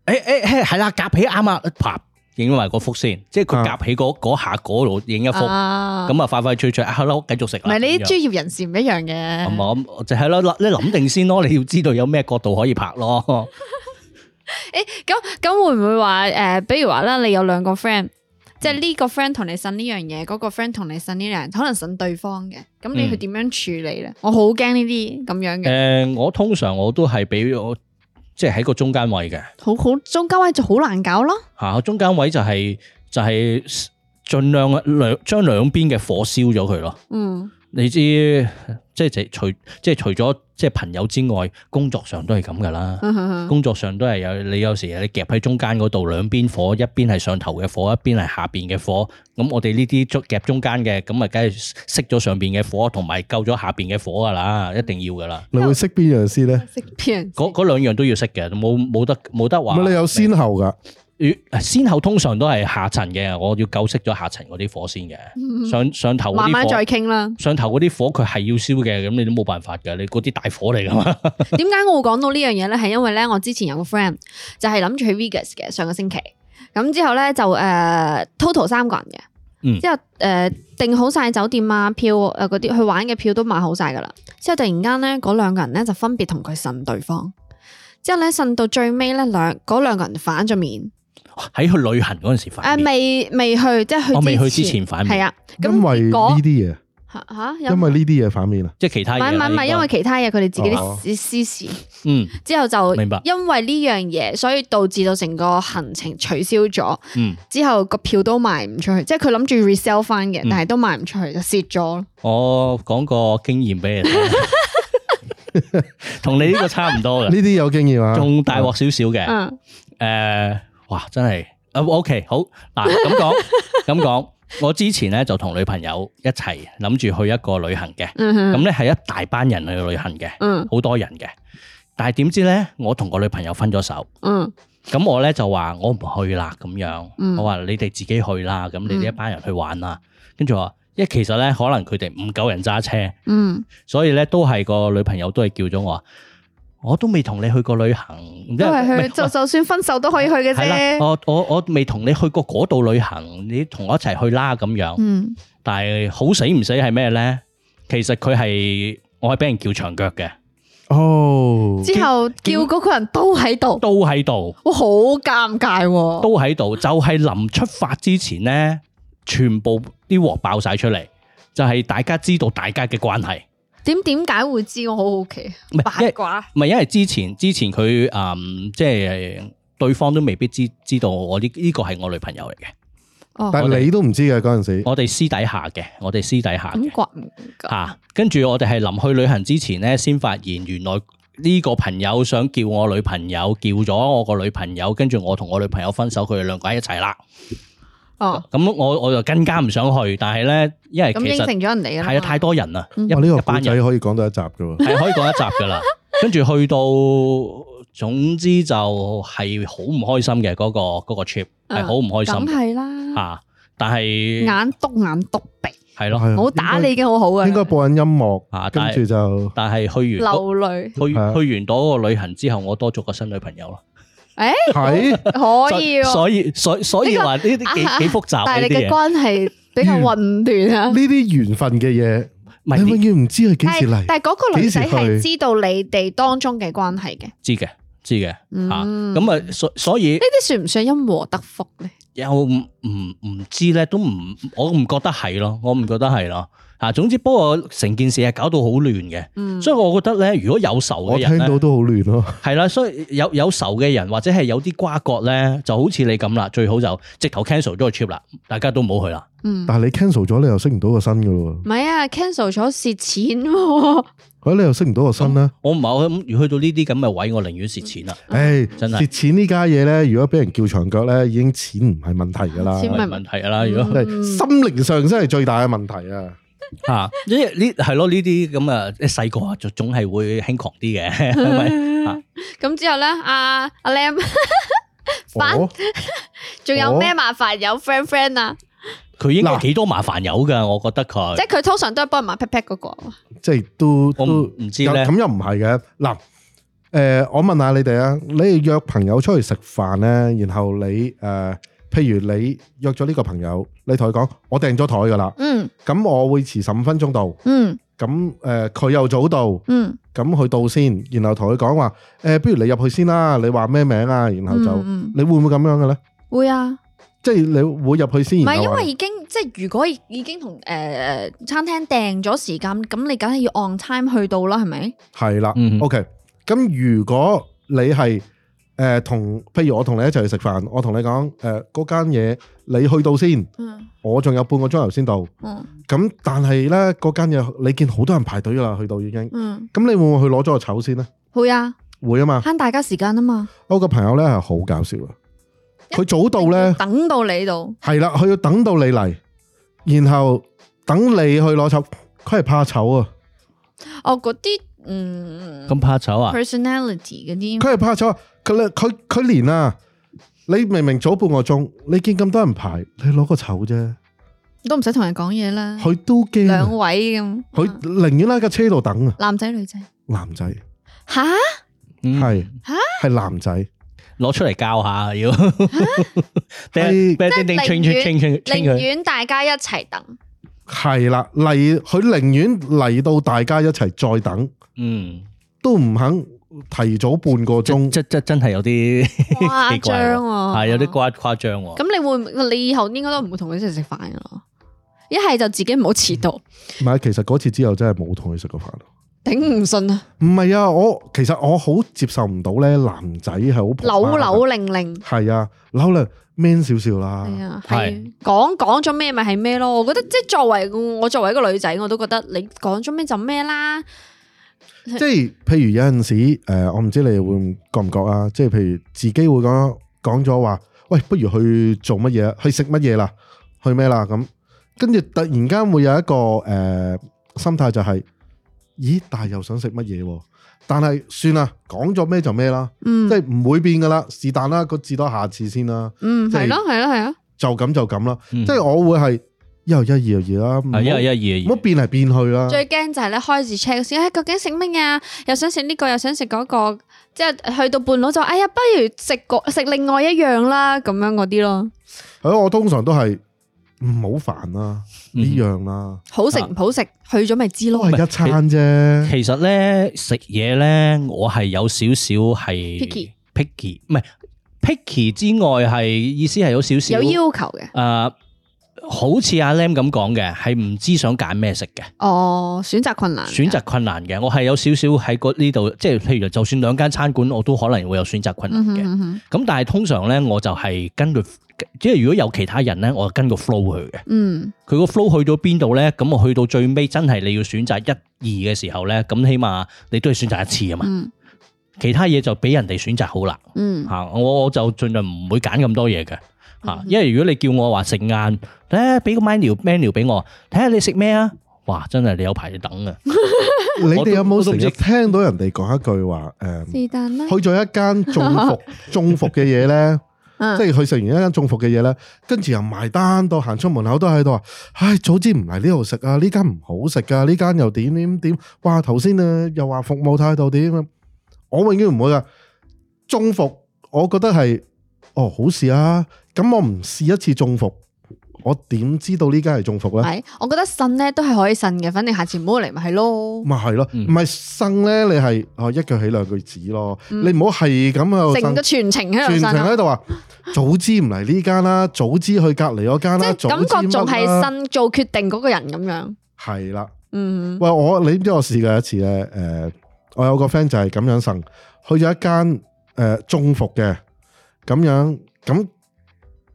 誒誒係啦，夾、欸欸欸欸欸、起啱啊，啪、啊。影埋個幅先，即係佢夾起嗰下嗰度影一幅，咁啊快快脆脆，Hello，、啊、繼續食。唔係你啲專業人士唔一樣嘅。唔、嗯、就係、是、咯，你諗定先咯，你要知道有咩角度可以拍咯。誒、 *laughs* 欸，咁咁會唔會話誒、呃？比如話啦，你有兩個 friend，、嗯、即係呢個 friend 同你信呢樣嘢，嗰、那個 friend 同你信呢樣，可能信對方嘅，咁你去點樣處理咧？嗯、我好驚呢啲咁樣嘅。誒、呃，我通常我都係俾我。即係喺個中間位嘅，好好中間位就好難搞咯。吓，中間位就係就係盡量兩將兩邊嘅火燒咗佢咯。嗯，你知。即係除，即係除咗即係朋友之外，工作上都係咁噶啦。嗯、哼工作上都係有你有時你夾喺中間嗰度，兩邊火，一邊係上頭嘅火，一邊係下邊嘅火。咁我哋呢啲捉夾中間嘅，咁啊，梗係熄咗上邊嘅火，同埋救咗下邊嘅火噶啦，一定要噶啦。你會熄邊樣先咧？熄邊？嗰嗰兩樣都要熄嘅，冇冇得冇得話、嗯。你有先後噶？先後通常都係下層嘅，我要救熄咗下層嗰啲火先嘅、嗯。上上頭慢慢再傾啦。上頭嗰啲火佢係要燒嘅，咁你都冇辦法㗎。你嗰啲大火嚟㗎嘛？點 *laughs* 解我會講到呢樣嘢咧？係因為咧，我之前有個 friend 就係諗住去 Vegas 嘅上個星期。咁之後咧就誒 total、呃、三個人嘅，嗯、之後誒、呃、定好晒酒店啊、票誒嗰啲去玩嘅票都買好晒㗎啦。之後突然間咧，嗰兩個人咧就分別同佢呻對方，之後咧呻到最尾咧兩嗰兩個人反咗面。喺去旅行嗰陣時反，誒，未未去，即係去我未去之前反面係啊，咁講呢啲嘢。吓吓，因為呢啲嘢反面啦，即係其他嘢唔係唔係因為其他嘢，佢哋自己啲私事。嗯，之後就明白因為呢樣嘢，所以導致到成個行程取消咗，之後個票都賣唔出去，即係佢諗住 resell 翻嘅，但係都賣唔出去就蝕咗。我講個經驗俾你睇，同你呢個差唔多嘅，呢啲有經驗啊，仲大鑊少少嘅誒。哇！真係啊，O、okay, K，好嗱，咁講咁講，我之前咧就同女朋友一齊諗住去一個旅行嘅，咁咧係一大班人去旅行嘅，好、嗯、多人嘅。但係點知咧，我同個女朋友分咗手，咁、嗯、我咧就話我唔去啦，咁樣，嗯、我話你哋自己去啦，咁你哋一班人去玩啦。跟住話，因為其實咧可能佢哋唔夠人揸車，嗯、所以咧都係個女朋友都係叫咗我。我都未同你去過旅行，因為去就是就算分手都可以去嘅啫。我我我未同你去過嗰度旅行，你同我一齊去啦咁樣。嗯，但係好死唔死係咩咧？其實佢係我係俾人叫長腳嘅。哦，之後叫嗰個人都喺度，都喺度。哇、哦，好尷尬啊。都喺度，就係、是、臨出發之前咧，全部啲鑊爆晒出嚟，就係、是、大家知道大家嘅關係。點點解會知？我好好奇，不八卦唔係，因為之前之前佢，誒，即、嗯、係、就是、對方都未必知知道，我呢呢、這個係我女朋友嚟嘅。哦、們但係你都唔知嘅嗰陣時，我哋私底下嘅，我哋私底下嘅吓，跟住、啊、我哋係臨去旅行之前咧，先發現原來呢個朋友想叫我女朋友叫咗我個女朋友，我跟住我同我女朋友分手，佢哋兩個喺一齊啦。哦，咁我我就更加唔想去，但係咧，因為其實係啊太多人啦，因為呢個班仔可以講到一集噶喎，係可以講一集噶啦。跟住去到，總之就係好唔開心嘅嗰個嗰個 trip，係好唔開心。咁係啦，啊，但係眼督眼督鼻，係咯係，我打你已經好好嘅。應該播緊音樂啊，跟住就，但係去完流淚，去去完嗰個旅行之後，我多咗個新女朋友咯。誒，係可以，所以所所以話呢啲幾幾複雜呢啲嘢，但係你嘅關係比較混亂啊。呢啲緣分嘅嘢，你永遠唔知佢幾時嚟。但係嗰個女仔係知道你哋當中嘅關係嘅，知嘅，知嘅，吓咁啊，所所以呢啲算唔算因禍得福咧？又唔唔唔知咧，都唔我唔覺得係咯，我唔覺得係咯。啊，總之不過成件事係搞到好亂嘅，嗯、所以我覺得咧，如果有仇嘅人我聽到都好亂咯。係啦，所以有有仇嘅人或者係有啲瓜葛咧，就好似你咁啦，最好就直頭 cancel 咗個 trip 啦，大家都唔好去啦。嗯、但係你 cancel 咗，啊哦哎，你又識唔到個新噶喎？唔係啊，cancel 咗蝕錢喎。咁你又識唔到個新咧？我唔係我咁，如果去到呢啲咁嘅位，我寧願蝕錢啦。誒、哎，真係的蝕錢呢家嘢咧，如果俾人叫長腳咧，已經錢唔係問題噶啦。錢唔係問題噶啦，如果、嗯嗯、心靈上真係最大嘅問題啊！吓 *laughs* 啊喔， *laughs* *laughs* 呢呢係咯，呢啲咁啊，細個就總係會輕狂啲嘅，係咪？咁之後咧，阿阿 Lam 仲有咩麻煩友 friend friend 啊？佢、啊啊啊啊、應該有幾多麻煩友噶，我覺得佢。即係佢通常都係幫人買 pack pack 嗰個。即係都都唔知咧，咁又唔係嘅嗱。誒、啊呃，我問下你哋啊，你約朋友出去食飯咧，然後你誒。呃譬如你約咗呢個朋友，你同佢講我訂咗枱㗎喇，咁、嗯、我會遲十五分鐘到，咁誒佢又早到，咁去、嗯、到先，然後同佢講話誒，不如你入去先啦，你話咩名啊？然後就、嗯、你會唔會咁樣嘅咧？會啊，即係你會入去先。唔係因為已經即係如果已經同誒、呃、餐廳訂咗時間，咁你梗係要 on time 去到啦，係咪？係啦，OK、嗯哼。咁如果你係。誒同，譬如我同你一齊去食飯，我同你講，誒嗰間嘢你去到先，我仲有半個鐘頭先到，咁但係咧嗰間嘢你見好多人排隊㗎啦，去到已經，咁你會唔會去攞咗個籌先咧？會啊，會啊嘛，慳大家時間啊嘛。我個朋友咧係好搞笑啊，佢早到咧，等到你到，係啦，佢要等到你嚟，然後等你去攞籌，佢係怕醜啊。哦，嗰啲。嗯，咁怕醜啊？Personality 嗰啲，佢係怕醜啊！佢佢佢連啊！你明明早半個鐘，你見咁多人排，你攞個籌啫，都唔使同人講嘢啦。佢都驚兩位咁，佢寧願拉架車度等啊。男仔女仔，男仔吓，係吓，係男仔，攞出嚟教下啊，要咩咩丁丁清清清清佢，寧願大家一齊等。係啦，嚟，佢寧願嚟到大家一齊再等，嗯，都唔肯提早半個鐘，即真真係有啲誇張，係 *laughs* 有啲誇誇張。咁你會你以後應該都唔會同佢一齊食飯噶，一係就自己唔好遲到。唔係、嗯，其實嗰次之後真係冇同佢食過飯。頂唔順啊！唔係啊，我其實我好接受唔到咧，男仔係好扭扭擰擰，係啊，扭擰 man 少少啦。係啊，係講講咗咩咪係咩咯？我覺得即係作為我作為一個女仔，我都覺得你講咗咩就咩啦。即係譬如有陣時誒、呃，我唔知你哋會覺唔覺啊？即係譬如自己會講講咗話，喂，不如去做乜嘢？去食乜嘢啦？去咩啦？咁跟住突然間會有一個誒、呃、心態就係、是。咦？但係又想食乜嘢？但係算啦，講咗咩就咩啦，嗯、即係唔會變噶啦、嗯，是但啦，個至多下次先啦。嗯，係咯，係咯，係啊，就咁就咁啦。即係我會係一又一，二又二啦，二。唔好變嚟變去啦。最驚就係你開始 check 先，唉，究竟食乜嘢啊？又想食呢、這個，又想食嗰、那個，即係去到半路就，哎呀，不如食食另外一樣啦，咁樣嗰啲咯、嗯。係咯，我通常都係。唔、啊嗯、好煩啦，呢樣啦，好食唔好食，去咗咪知咯。都係一餐啫。其實咧食嘢咧，我係有少少係 picky，picky 唔係 picky 之外，係意思係有少少有要求嘅。誒、呃，好似阿 Lam 咁講嘅，係唔知想揀咩食嘅。哦，選擇困難。選擇困難嘅，我係有少少喺呢度，即係譬如就算兩間餐館，我都可能會有選擇困難嘅。咁、嗯嗯、哼但係通常咧，我就係根據。即係如果有其他人咧，我就跟個 flow 去嘅。嗯，佢個 flow 去到邊度咧？咁我去到最尾，真係你要選擇一二嘅時候咧，咁起碼你都係選擇一次啊嘛。嗯、其他嘢就俾人哋選擇好啦。嗯，吓我我就盡量唔會揀咁多嘢嘅。吓、嗯，因為如果你叫我話食晏，咧俾個 menu, menu menu 俾我，睇下你食咩啊？哇，真係 *laughs* 都你有排等啊！你哋有冇成日聽到人哋講一句話？誒、嗯，是但啦。去咗一間中服中服嘅嘢咧。即係佢食完一間中服嘅嘢咧，跟住又埋單，到行出門口都喺度話：唉，早知唔嚟呢度食啊！呢間唔好食噶，呢間又點點點，哇！頭先啊，又話服務態度點啊！我永遠唔會噶，中服我覺得係，哦，好事啊！咁我唔試一次中服。我點知道呢間係中伏咧？係，我覺得信咧都係可以信嘅，反正下次唔好嚟咪係咯。咪係咯，唔係信咧，你係啊一句起兩句止咯，嗯、你唔好係咁又成個全程喺度信啊！全程喺度話早知唔嚟呢間啦，早知去隔籬嗰間啦，早知乜啦！是啊、感覺仲係信做決定嗰個人咁樣。係啦了，嗯哼，喂，我你知唔知我試過一次咧？誒、呃，我有個 friend 就係咁樣信，去咗一間誒、呃、中伏嘅，咁樣咁。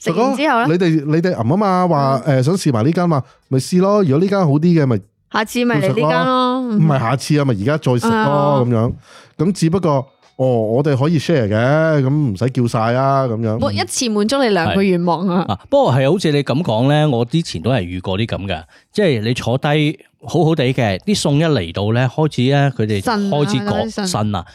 食咗之後咧，你哋你哋揞啊嘛，話想試埋呢間嘛，咪、嗯、試咯。如果呢間好啲嘅，咪下次咪嚟呢間咯。唔係下次啊，咪而家再食咯咁樣。咁、嗯、只不過。哦，我哋可以 share 嘅，咁唔使叫晒啊，咁樣。嗯、一次滿足你兩個願望啊。不過係好似你咁講咧，我之前都係遇過啲咁嘅，即係你坐低好好地嘅，啲餸一嚟到咧，開始咧佢哋開始講呻啊，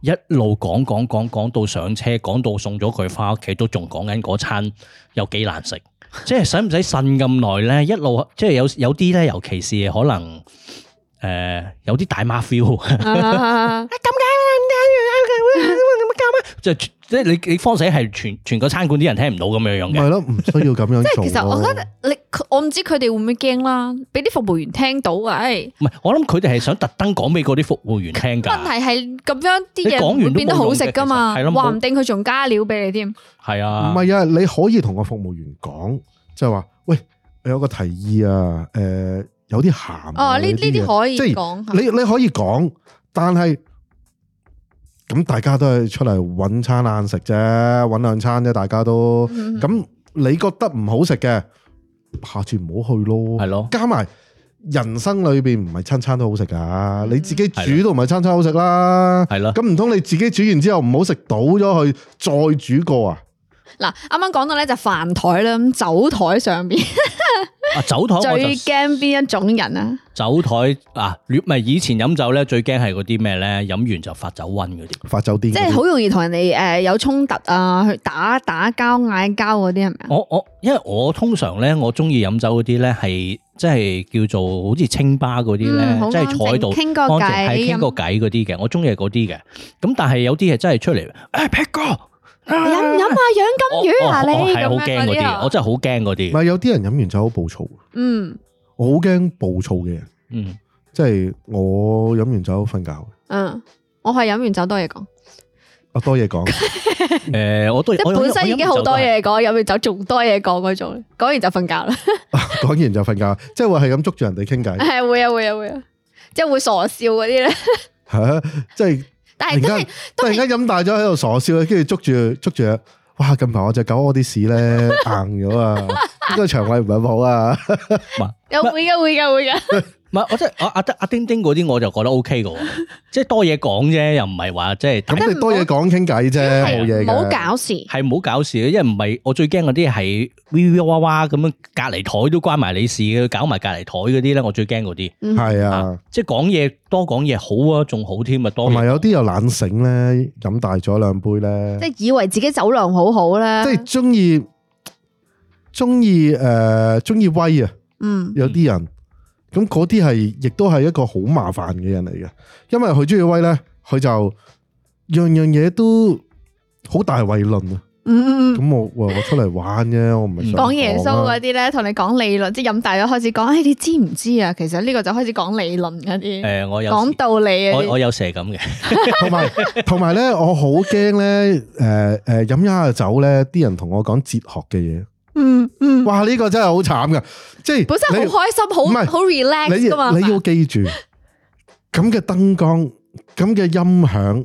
一路講講講講，講到上車，講到送咗佢翻屋企，都仲講緊嗰餐有幾難食，即係使唔使呻咁耐咧？一路即係有有啲咧，尤其是可能誒、呃、有啲大媽 feel，咁咁樣咁樣加咩？即係即係你你方寫係全全個餐館啲人聽唔到咁樣樣嘅。係咯，唔需要咁樣做。即係其實我覺得你，我唔知佢哋會唔會驚啦，俾啲服務員聽到啊！哎，唔係，我諗佢哋係想特登講俾嗰啲服務員聽。問題係咁樣啲嘢講完都變得好食噶嘛？係咯，話唔定佢仲加料俾你添。係啊，唔係啊，啊，你可以同個服務員講，即係話喂，有個提議啊，誒、呃，有啲鹹。哦，呢呢啲可以講。你你可以講，但係。咁大家都係出嚟搵餐晏食啫，搵兩餐啫。大家都咁，嗯，你覺得唔好食嘅，下次唔好去咯。係咯，加埋人生裏邊唔係餐餐都好食噶，係咯，你自己煮都唔係餐餐好食啦。係咯，咁唔通你自己煮完之後唔好食，倒咗去再煮過啊？嗱，啱啱講到咧就飯台啦，酒台上邊啊，酒 *laughs* 台最驚邊一種人啊？酒台啊，咪以前飲酒咧最驚係嗰啲咩咧？飲完就發酒瘟嗰啲，發酒癲，即係好容易同人哋，誒有衝突啊，去打打交嗌交嗰啲係咪啊？我我因為我通常咧我中意飲酒嗰啲咧係即係叫做好似清吧嗰啲咧，嗯、即係坐喺度安靜喺傾個偈，傾個偈嗰啲嘅，我中意係嗰啲嘅。咁但係有啲係真係出嚟誒 p e 飲唔飲啊？養金魚。嗱，你咁驚嗰啲，我真係好驚嗰啲。唔係有啲人飲完酒好暴躁。嗯，我好驚暴躁嘅人。嗯，即係我飲完酒瞓覺。嗯，我係飲完酒多嘢講。啊，多嘢講。誒，我都即係本身已經好多嘢講，飲完酒仲多嘢講嗰種，講完就瞓覺啦。講完就瞓覺，即係會係咁捉住人哋傾偈，係會啊會啊會啊，即係會傻笑嗰啲咧。即係。突然間，是突然間飲大咗喺度傻笑，跟住捉住捉住，哇！近排我隻狗屙啲屎呢硬咗啊，呢個腸胃唔係咁好啊。有 *laughs* 會嘅，會嘅，會嘅。 *laughs* 唔係， *music* 我即係阿阿阿丁丁嗰啲，我就覺得 O K 嘅，即係多嘢講啫，又唔係話即係咁你多嘢講傾偈啫，冇嘢嘅。唔好搞事，係唔好搞事咯，因為唔係我最驚嗰啲係 V V 哇哇咁樣隔籬台都關埋你事嘅，搞埋隔籬台嗰啲咧，我最驚嗰啲。係、嗯、啊，即係講嘢多講嘢好啊，仲好添啊，多同埋有啲又懶醒咧，飲大咗兩杯咧，即係以為自己酒量好好咧，即係中意中意誒中意威啊，嗯，有啲人。咁嗰啲係，亦都係一個好麻煩嘅人嚟嘅，因為佢中意威咧，佢就樣樣嘢都好大胃論啊。嗯嗯，咁我我出嚟玩啫，我唔係想講耶穌嗰啲咧，同、嗯、你講理論，即係飲大咗開始講，誒，你知唔知啊？其實呢個就開始講理論嗰啲。誒、呃，我有講道理，我我有蛇咁嘅有。同埋同埋咧，我好驚咧，誒、呃、誒，飲、呃、一下酒咧，啲人同我講哲學嘅嘢。嗯嗯，哇！呢、這個真係好慘噶，即係本身好開心，好好 relax 噶嘛你。你要記住，咁嘅燈光，咁嘅音響。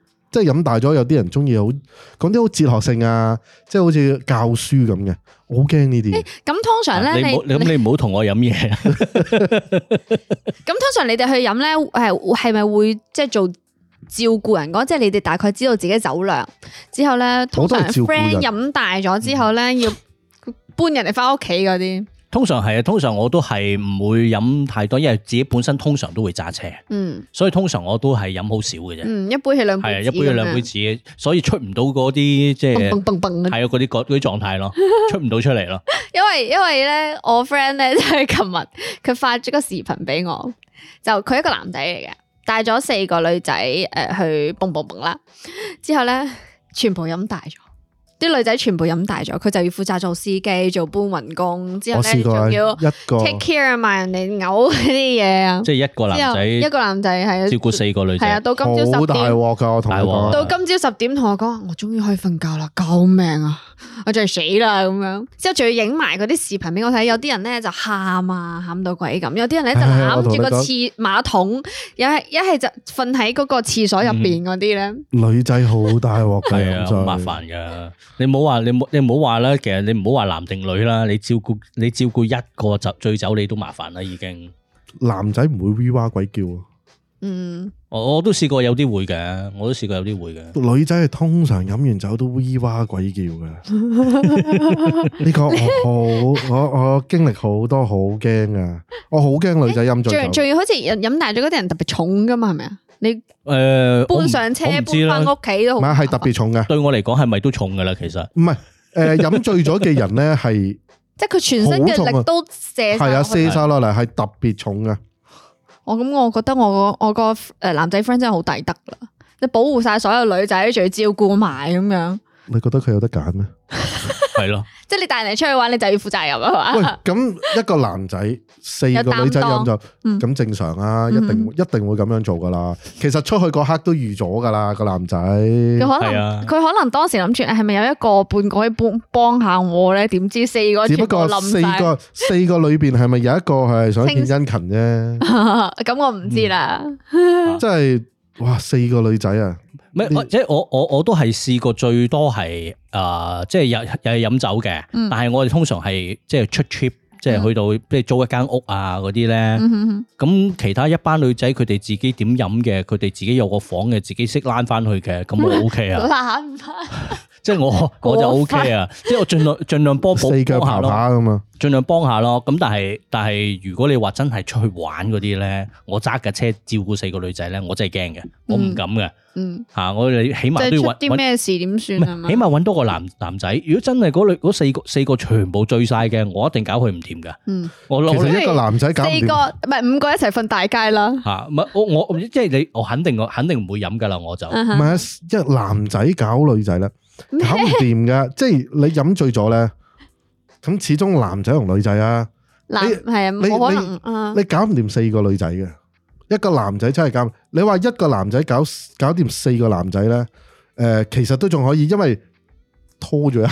即係飲大咗，有啲人中意好講啲好哲學性、欸、啊，即係好似教書咁嘅，你你我好驚呢啲。咁通常咧，你你唔好同我飲嘢。咁通常你哋去飲咧，係係咪會即係做照顧人嗰？即係你哋大概知道自己酒量之後咧，通常 friend 飲大咗之後咧，要搬人哋翻屋企嗰啲。通常係啊，通常我都係唔會飲太多，因為自己本身通常都會揸車，嗯，所以通常我都係飲好少嘅啫，嗯，一杯係兩杯，係啊，一杯有兩杯止，嗯，所以出唔到嗰啲即係，係啊，嗰啲嗰啲狀態咯，出唔到出嚟咯 *laughs* 。因為因為咧，我 friend 咧就係琴日，佢發咗個視頻俾我，就佢一個男仔嚟嘅，帶咗四個女仔誒去蹦蹦蹦啦，之後咧全部飲大咗。啲女仔全部飲大咗，佢就要負責做司機、做搬運工，之後咧仲要 take care 埋個人哋嘔啲嘢啊！即係一個男仔，一個男仔係照顧四個女仔。好大鑊㗎！我同佢講到今朝十點，同我講我終於可以瞓覺啦！救命啊！我仲要死啦咁樣，之後仲要影埋嗰啲視頻俾我睇，有啲人咧就喊啊，喊到鬼咁，有啲人咧就攬住個廁馬桶，一係一係就瞓喺嗰個廁所入邊嗰啲咧。女仔好大鑊嘅，好麻煩噶。你唔好話你唔你唔好話啦，其實你唔好話男定女啦，你照顧你照顧一個就醉酒你都麻煩啦已經。男仔唔會 V 哇鬼叫啊。嗯。我都試過有啲會嘅，我都試過有啲會嘅。女仔係通常飲完酒都威哇鬼叫嘅。呢 *laughs* 個我好， *laughs* 我我，我經歷好多，好驚啊！我好驚女仔飲醉酒。醉好似飲大咗嗰啲人特別重噶嘛，係咪啊？你誒，搬上車、呃、搬翻屋企都好唔係係特別重嘅。對我嚟講，係咪都重噶啦？其實唔係誒，飲、呃、醉咗嘅人咧係 *laughs* 即係佢全身嘅力都卸晒，卸晒落嚟係特別重嘅。我咁，我覺得我個男仔 friend 真係好抵得啦，你保護晒所有女仔，仲要照顧埋咁樣。你覺得佢有得揀咩？ *laughs* 係咯，即係你帶人哋出去玩，你就要負責任啊嘛。喂，咁一個男仔四個女仔咁就咁正常啊，一定一定會咁樣做噶啦。其實出去嗰刻都預咗噶啦，個男仔。佢可能佢可能當時諗住，係咪有一個半個可以幫幫下我咧？點知四個只不過四個四個裏邊係咪有一個係想獻殷勤啫？咁我唔知啦。真係哇，四個女仔啊！唔，或者、嗯、我我我都係試過最多係，誒、呃，即係有又係飲酒嘅，但係我哋通常係即係出 trip，即係去到即係租一間屋啊嗰啲咧。咁、嗯、其他一班女仔佢哋自己點飲嘅，佢哋自己有個房嘅，自己識攬翻去嘅，咁我 OK 啊。嗯 *laughs* 即係我過分 我就 O K 啊， *laughs* 即係我盡量盡量幫，四腳爬咁啊，盡量幫下咯。咁但係但係如果你話真係出去玩嗰啲咧，我揸架車照顧四個女仔咧，我真係驚嘅，我唔敢嘅、嗯。嗯，吓，我哋起碼都要揾啲咩事點算，起碼揾多個男男仔。如果真係嗰女四個四個全部醉晒嘅，我一定搞佢唔掂噶。嗯，我落實一個男仔搞四個唔係五個一齊瞓大街啦。吓、嗯，唔係我我即係你，我肯定我肯定唔會飲噶啦，我就唔係、uh huh. 一男仔搞女仔咧。搞唔掂噶，即係你飲醉咗咧，咁始終男仔同女仔啊，男係啊，冇可能，你搞唔掂四個女仔嘅，一個男仔真係搞，你話一個男仔搞搞掂四個男仔咧，誒，其實都仲可以，因為拖住啊。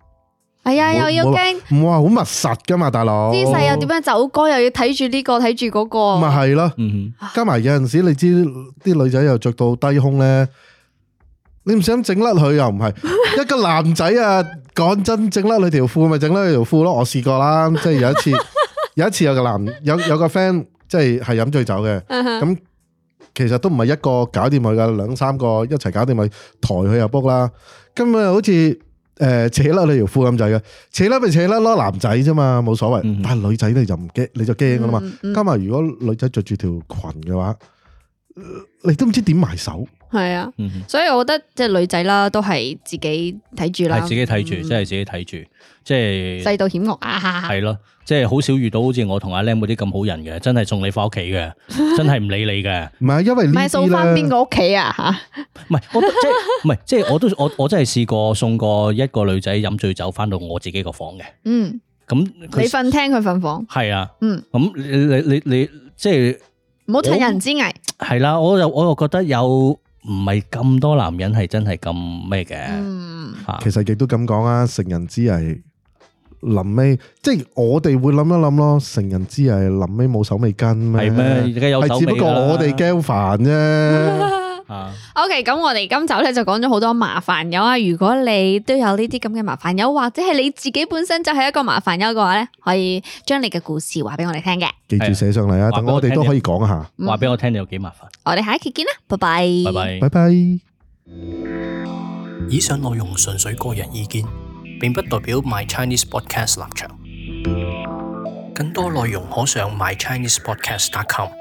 係啊，又要驚，哇，好密實噶嘛，大佬，姿勢又點樣走光，又要睇住呢個睇住嗰個，咪係咯，加埋有陣時，你知啲女仔又着到低胸咧，你唔想整甩佢又唔係，一個男仔啊，講真，整甩你條褲咪整甩你條褲咯，我試過啦，即係有一次，有一次有個男，有有個 friend 即係係飲醉酒嘅，咁其實都唔係一個搞掂佢噶，兩三個一齊搞掂佢，抬佢又 book 啦，今日好似。誒扯甩你條褲咁滯嘅，扯甩咪扯甩咯，男仔啫嘛，冇所謂。Mm hmm. 但係女仔咧就唔驚，你就驚㗎喇嘛。Mm hmm. 加埋如果女仔着住條裙嘅話，呃，你都唔知點埋手。係啊，所以我覺得即係女仔啦，都係自己睇住啦。係自己睇住，真係自己睇住，嗯，啊、即係世道險惡。係咯，即係好少遇到好似我同阿靚嗰啲咁好人嘅，真係送你翻屋企嘅，真係唔理你嘅。唔係啊，因為唔係送翻邊個屋企啊？吓，唔係我即係唔係即係我都我我真係試過送過一個女仔飲醉酒翻到我自己個房嘅。嗯，咁你瞓廳佢瞓房係啊。你你你你嗯，咁你你你你即係唔好趁人之危。係啦，我又我又覺得有。唔係咁多男人係真係咁咩嘅？嗯啊、其實亦都咁講啊！成人之危，臨尾即係我哋會諗一諗咯。成人之危，臨尾冇手尾跟咩？係咩？係只不過我哋驚煩啫。嗯 OK，咁我哋今集咧就講咗好多麻煩友啊！如果你都有呢啲咁嘅麻煩友，或者係你自己本身就係一個麻煩友嘅話咧，可以將你嘅故事話俾我哋聽嘅。記住寫上嚟啊！哎、我等我哋都可以講下，話俾、嗯、我聽你有幾麻煩。我哋下一期見啦，拜拜拜拜。以上內容純粹個人意見，並不代表 My Chinese Podcast 立場。更多內容可上 My Chinese Podcast.com。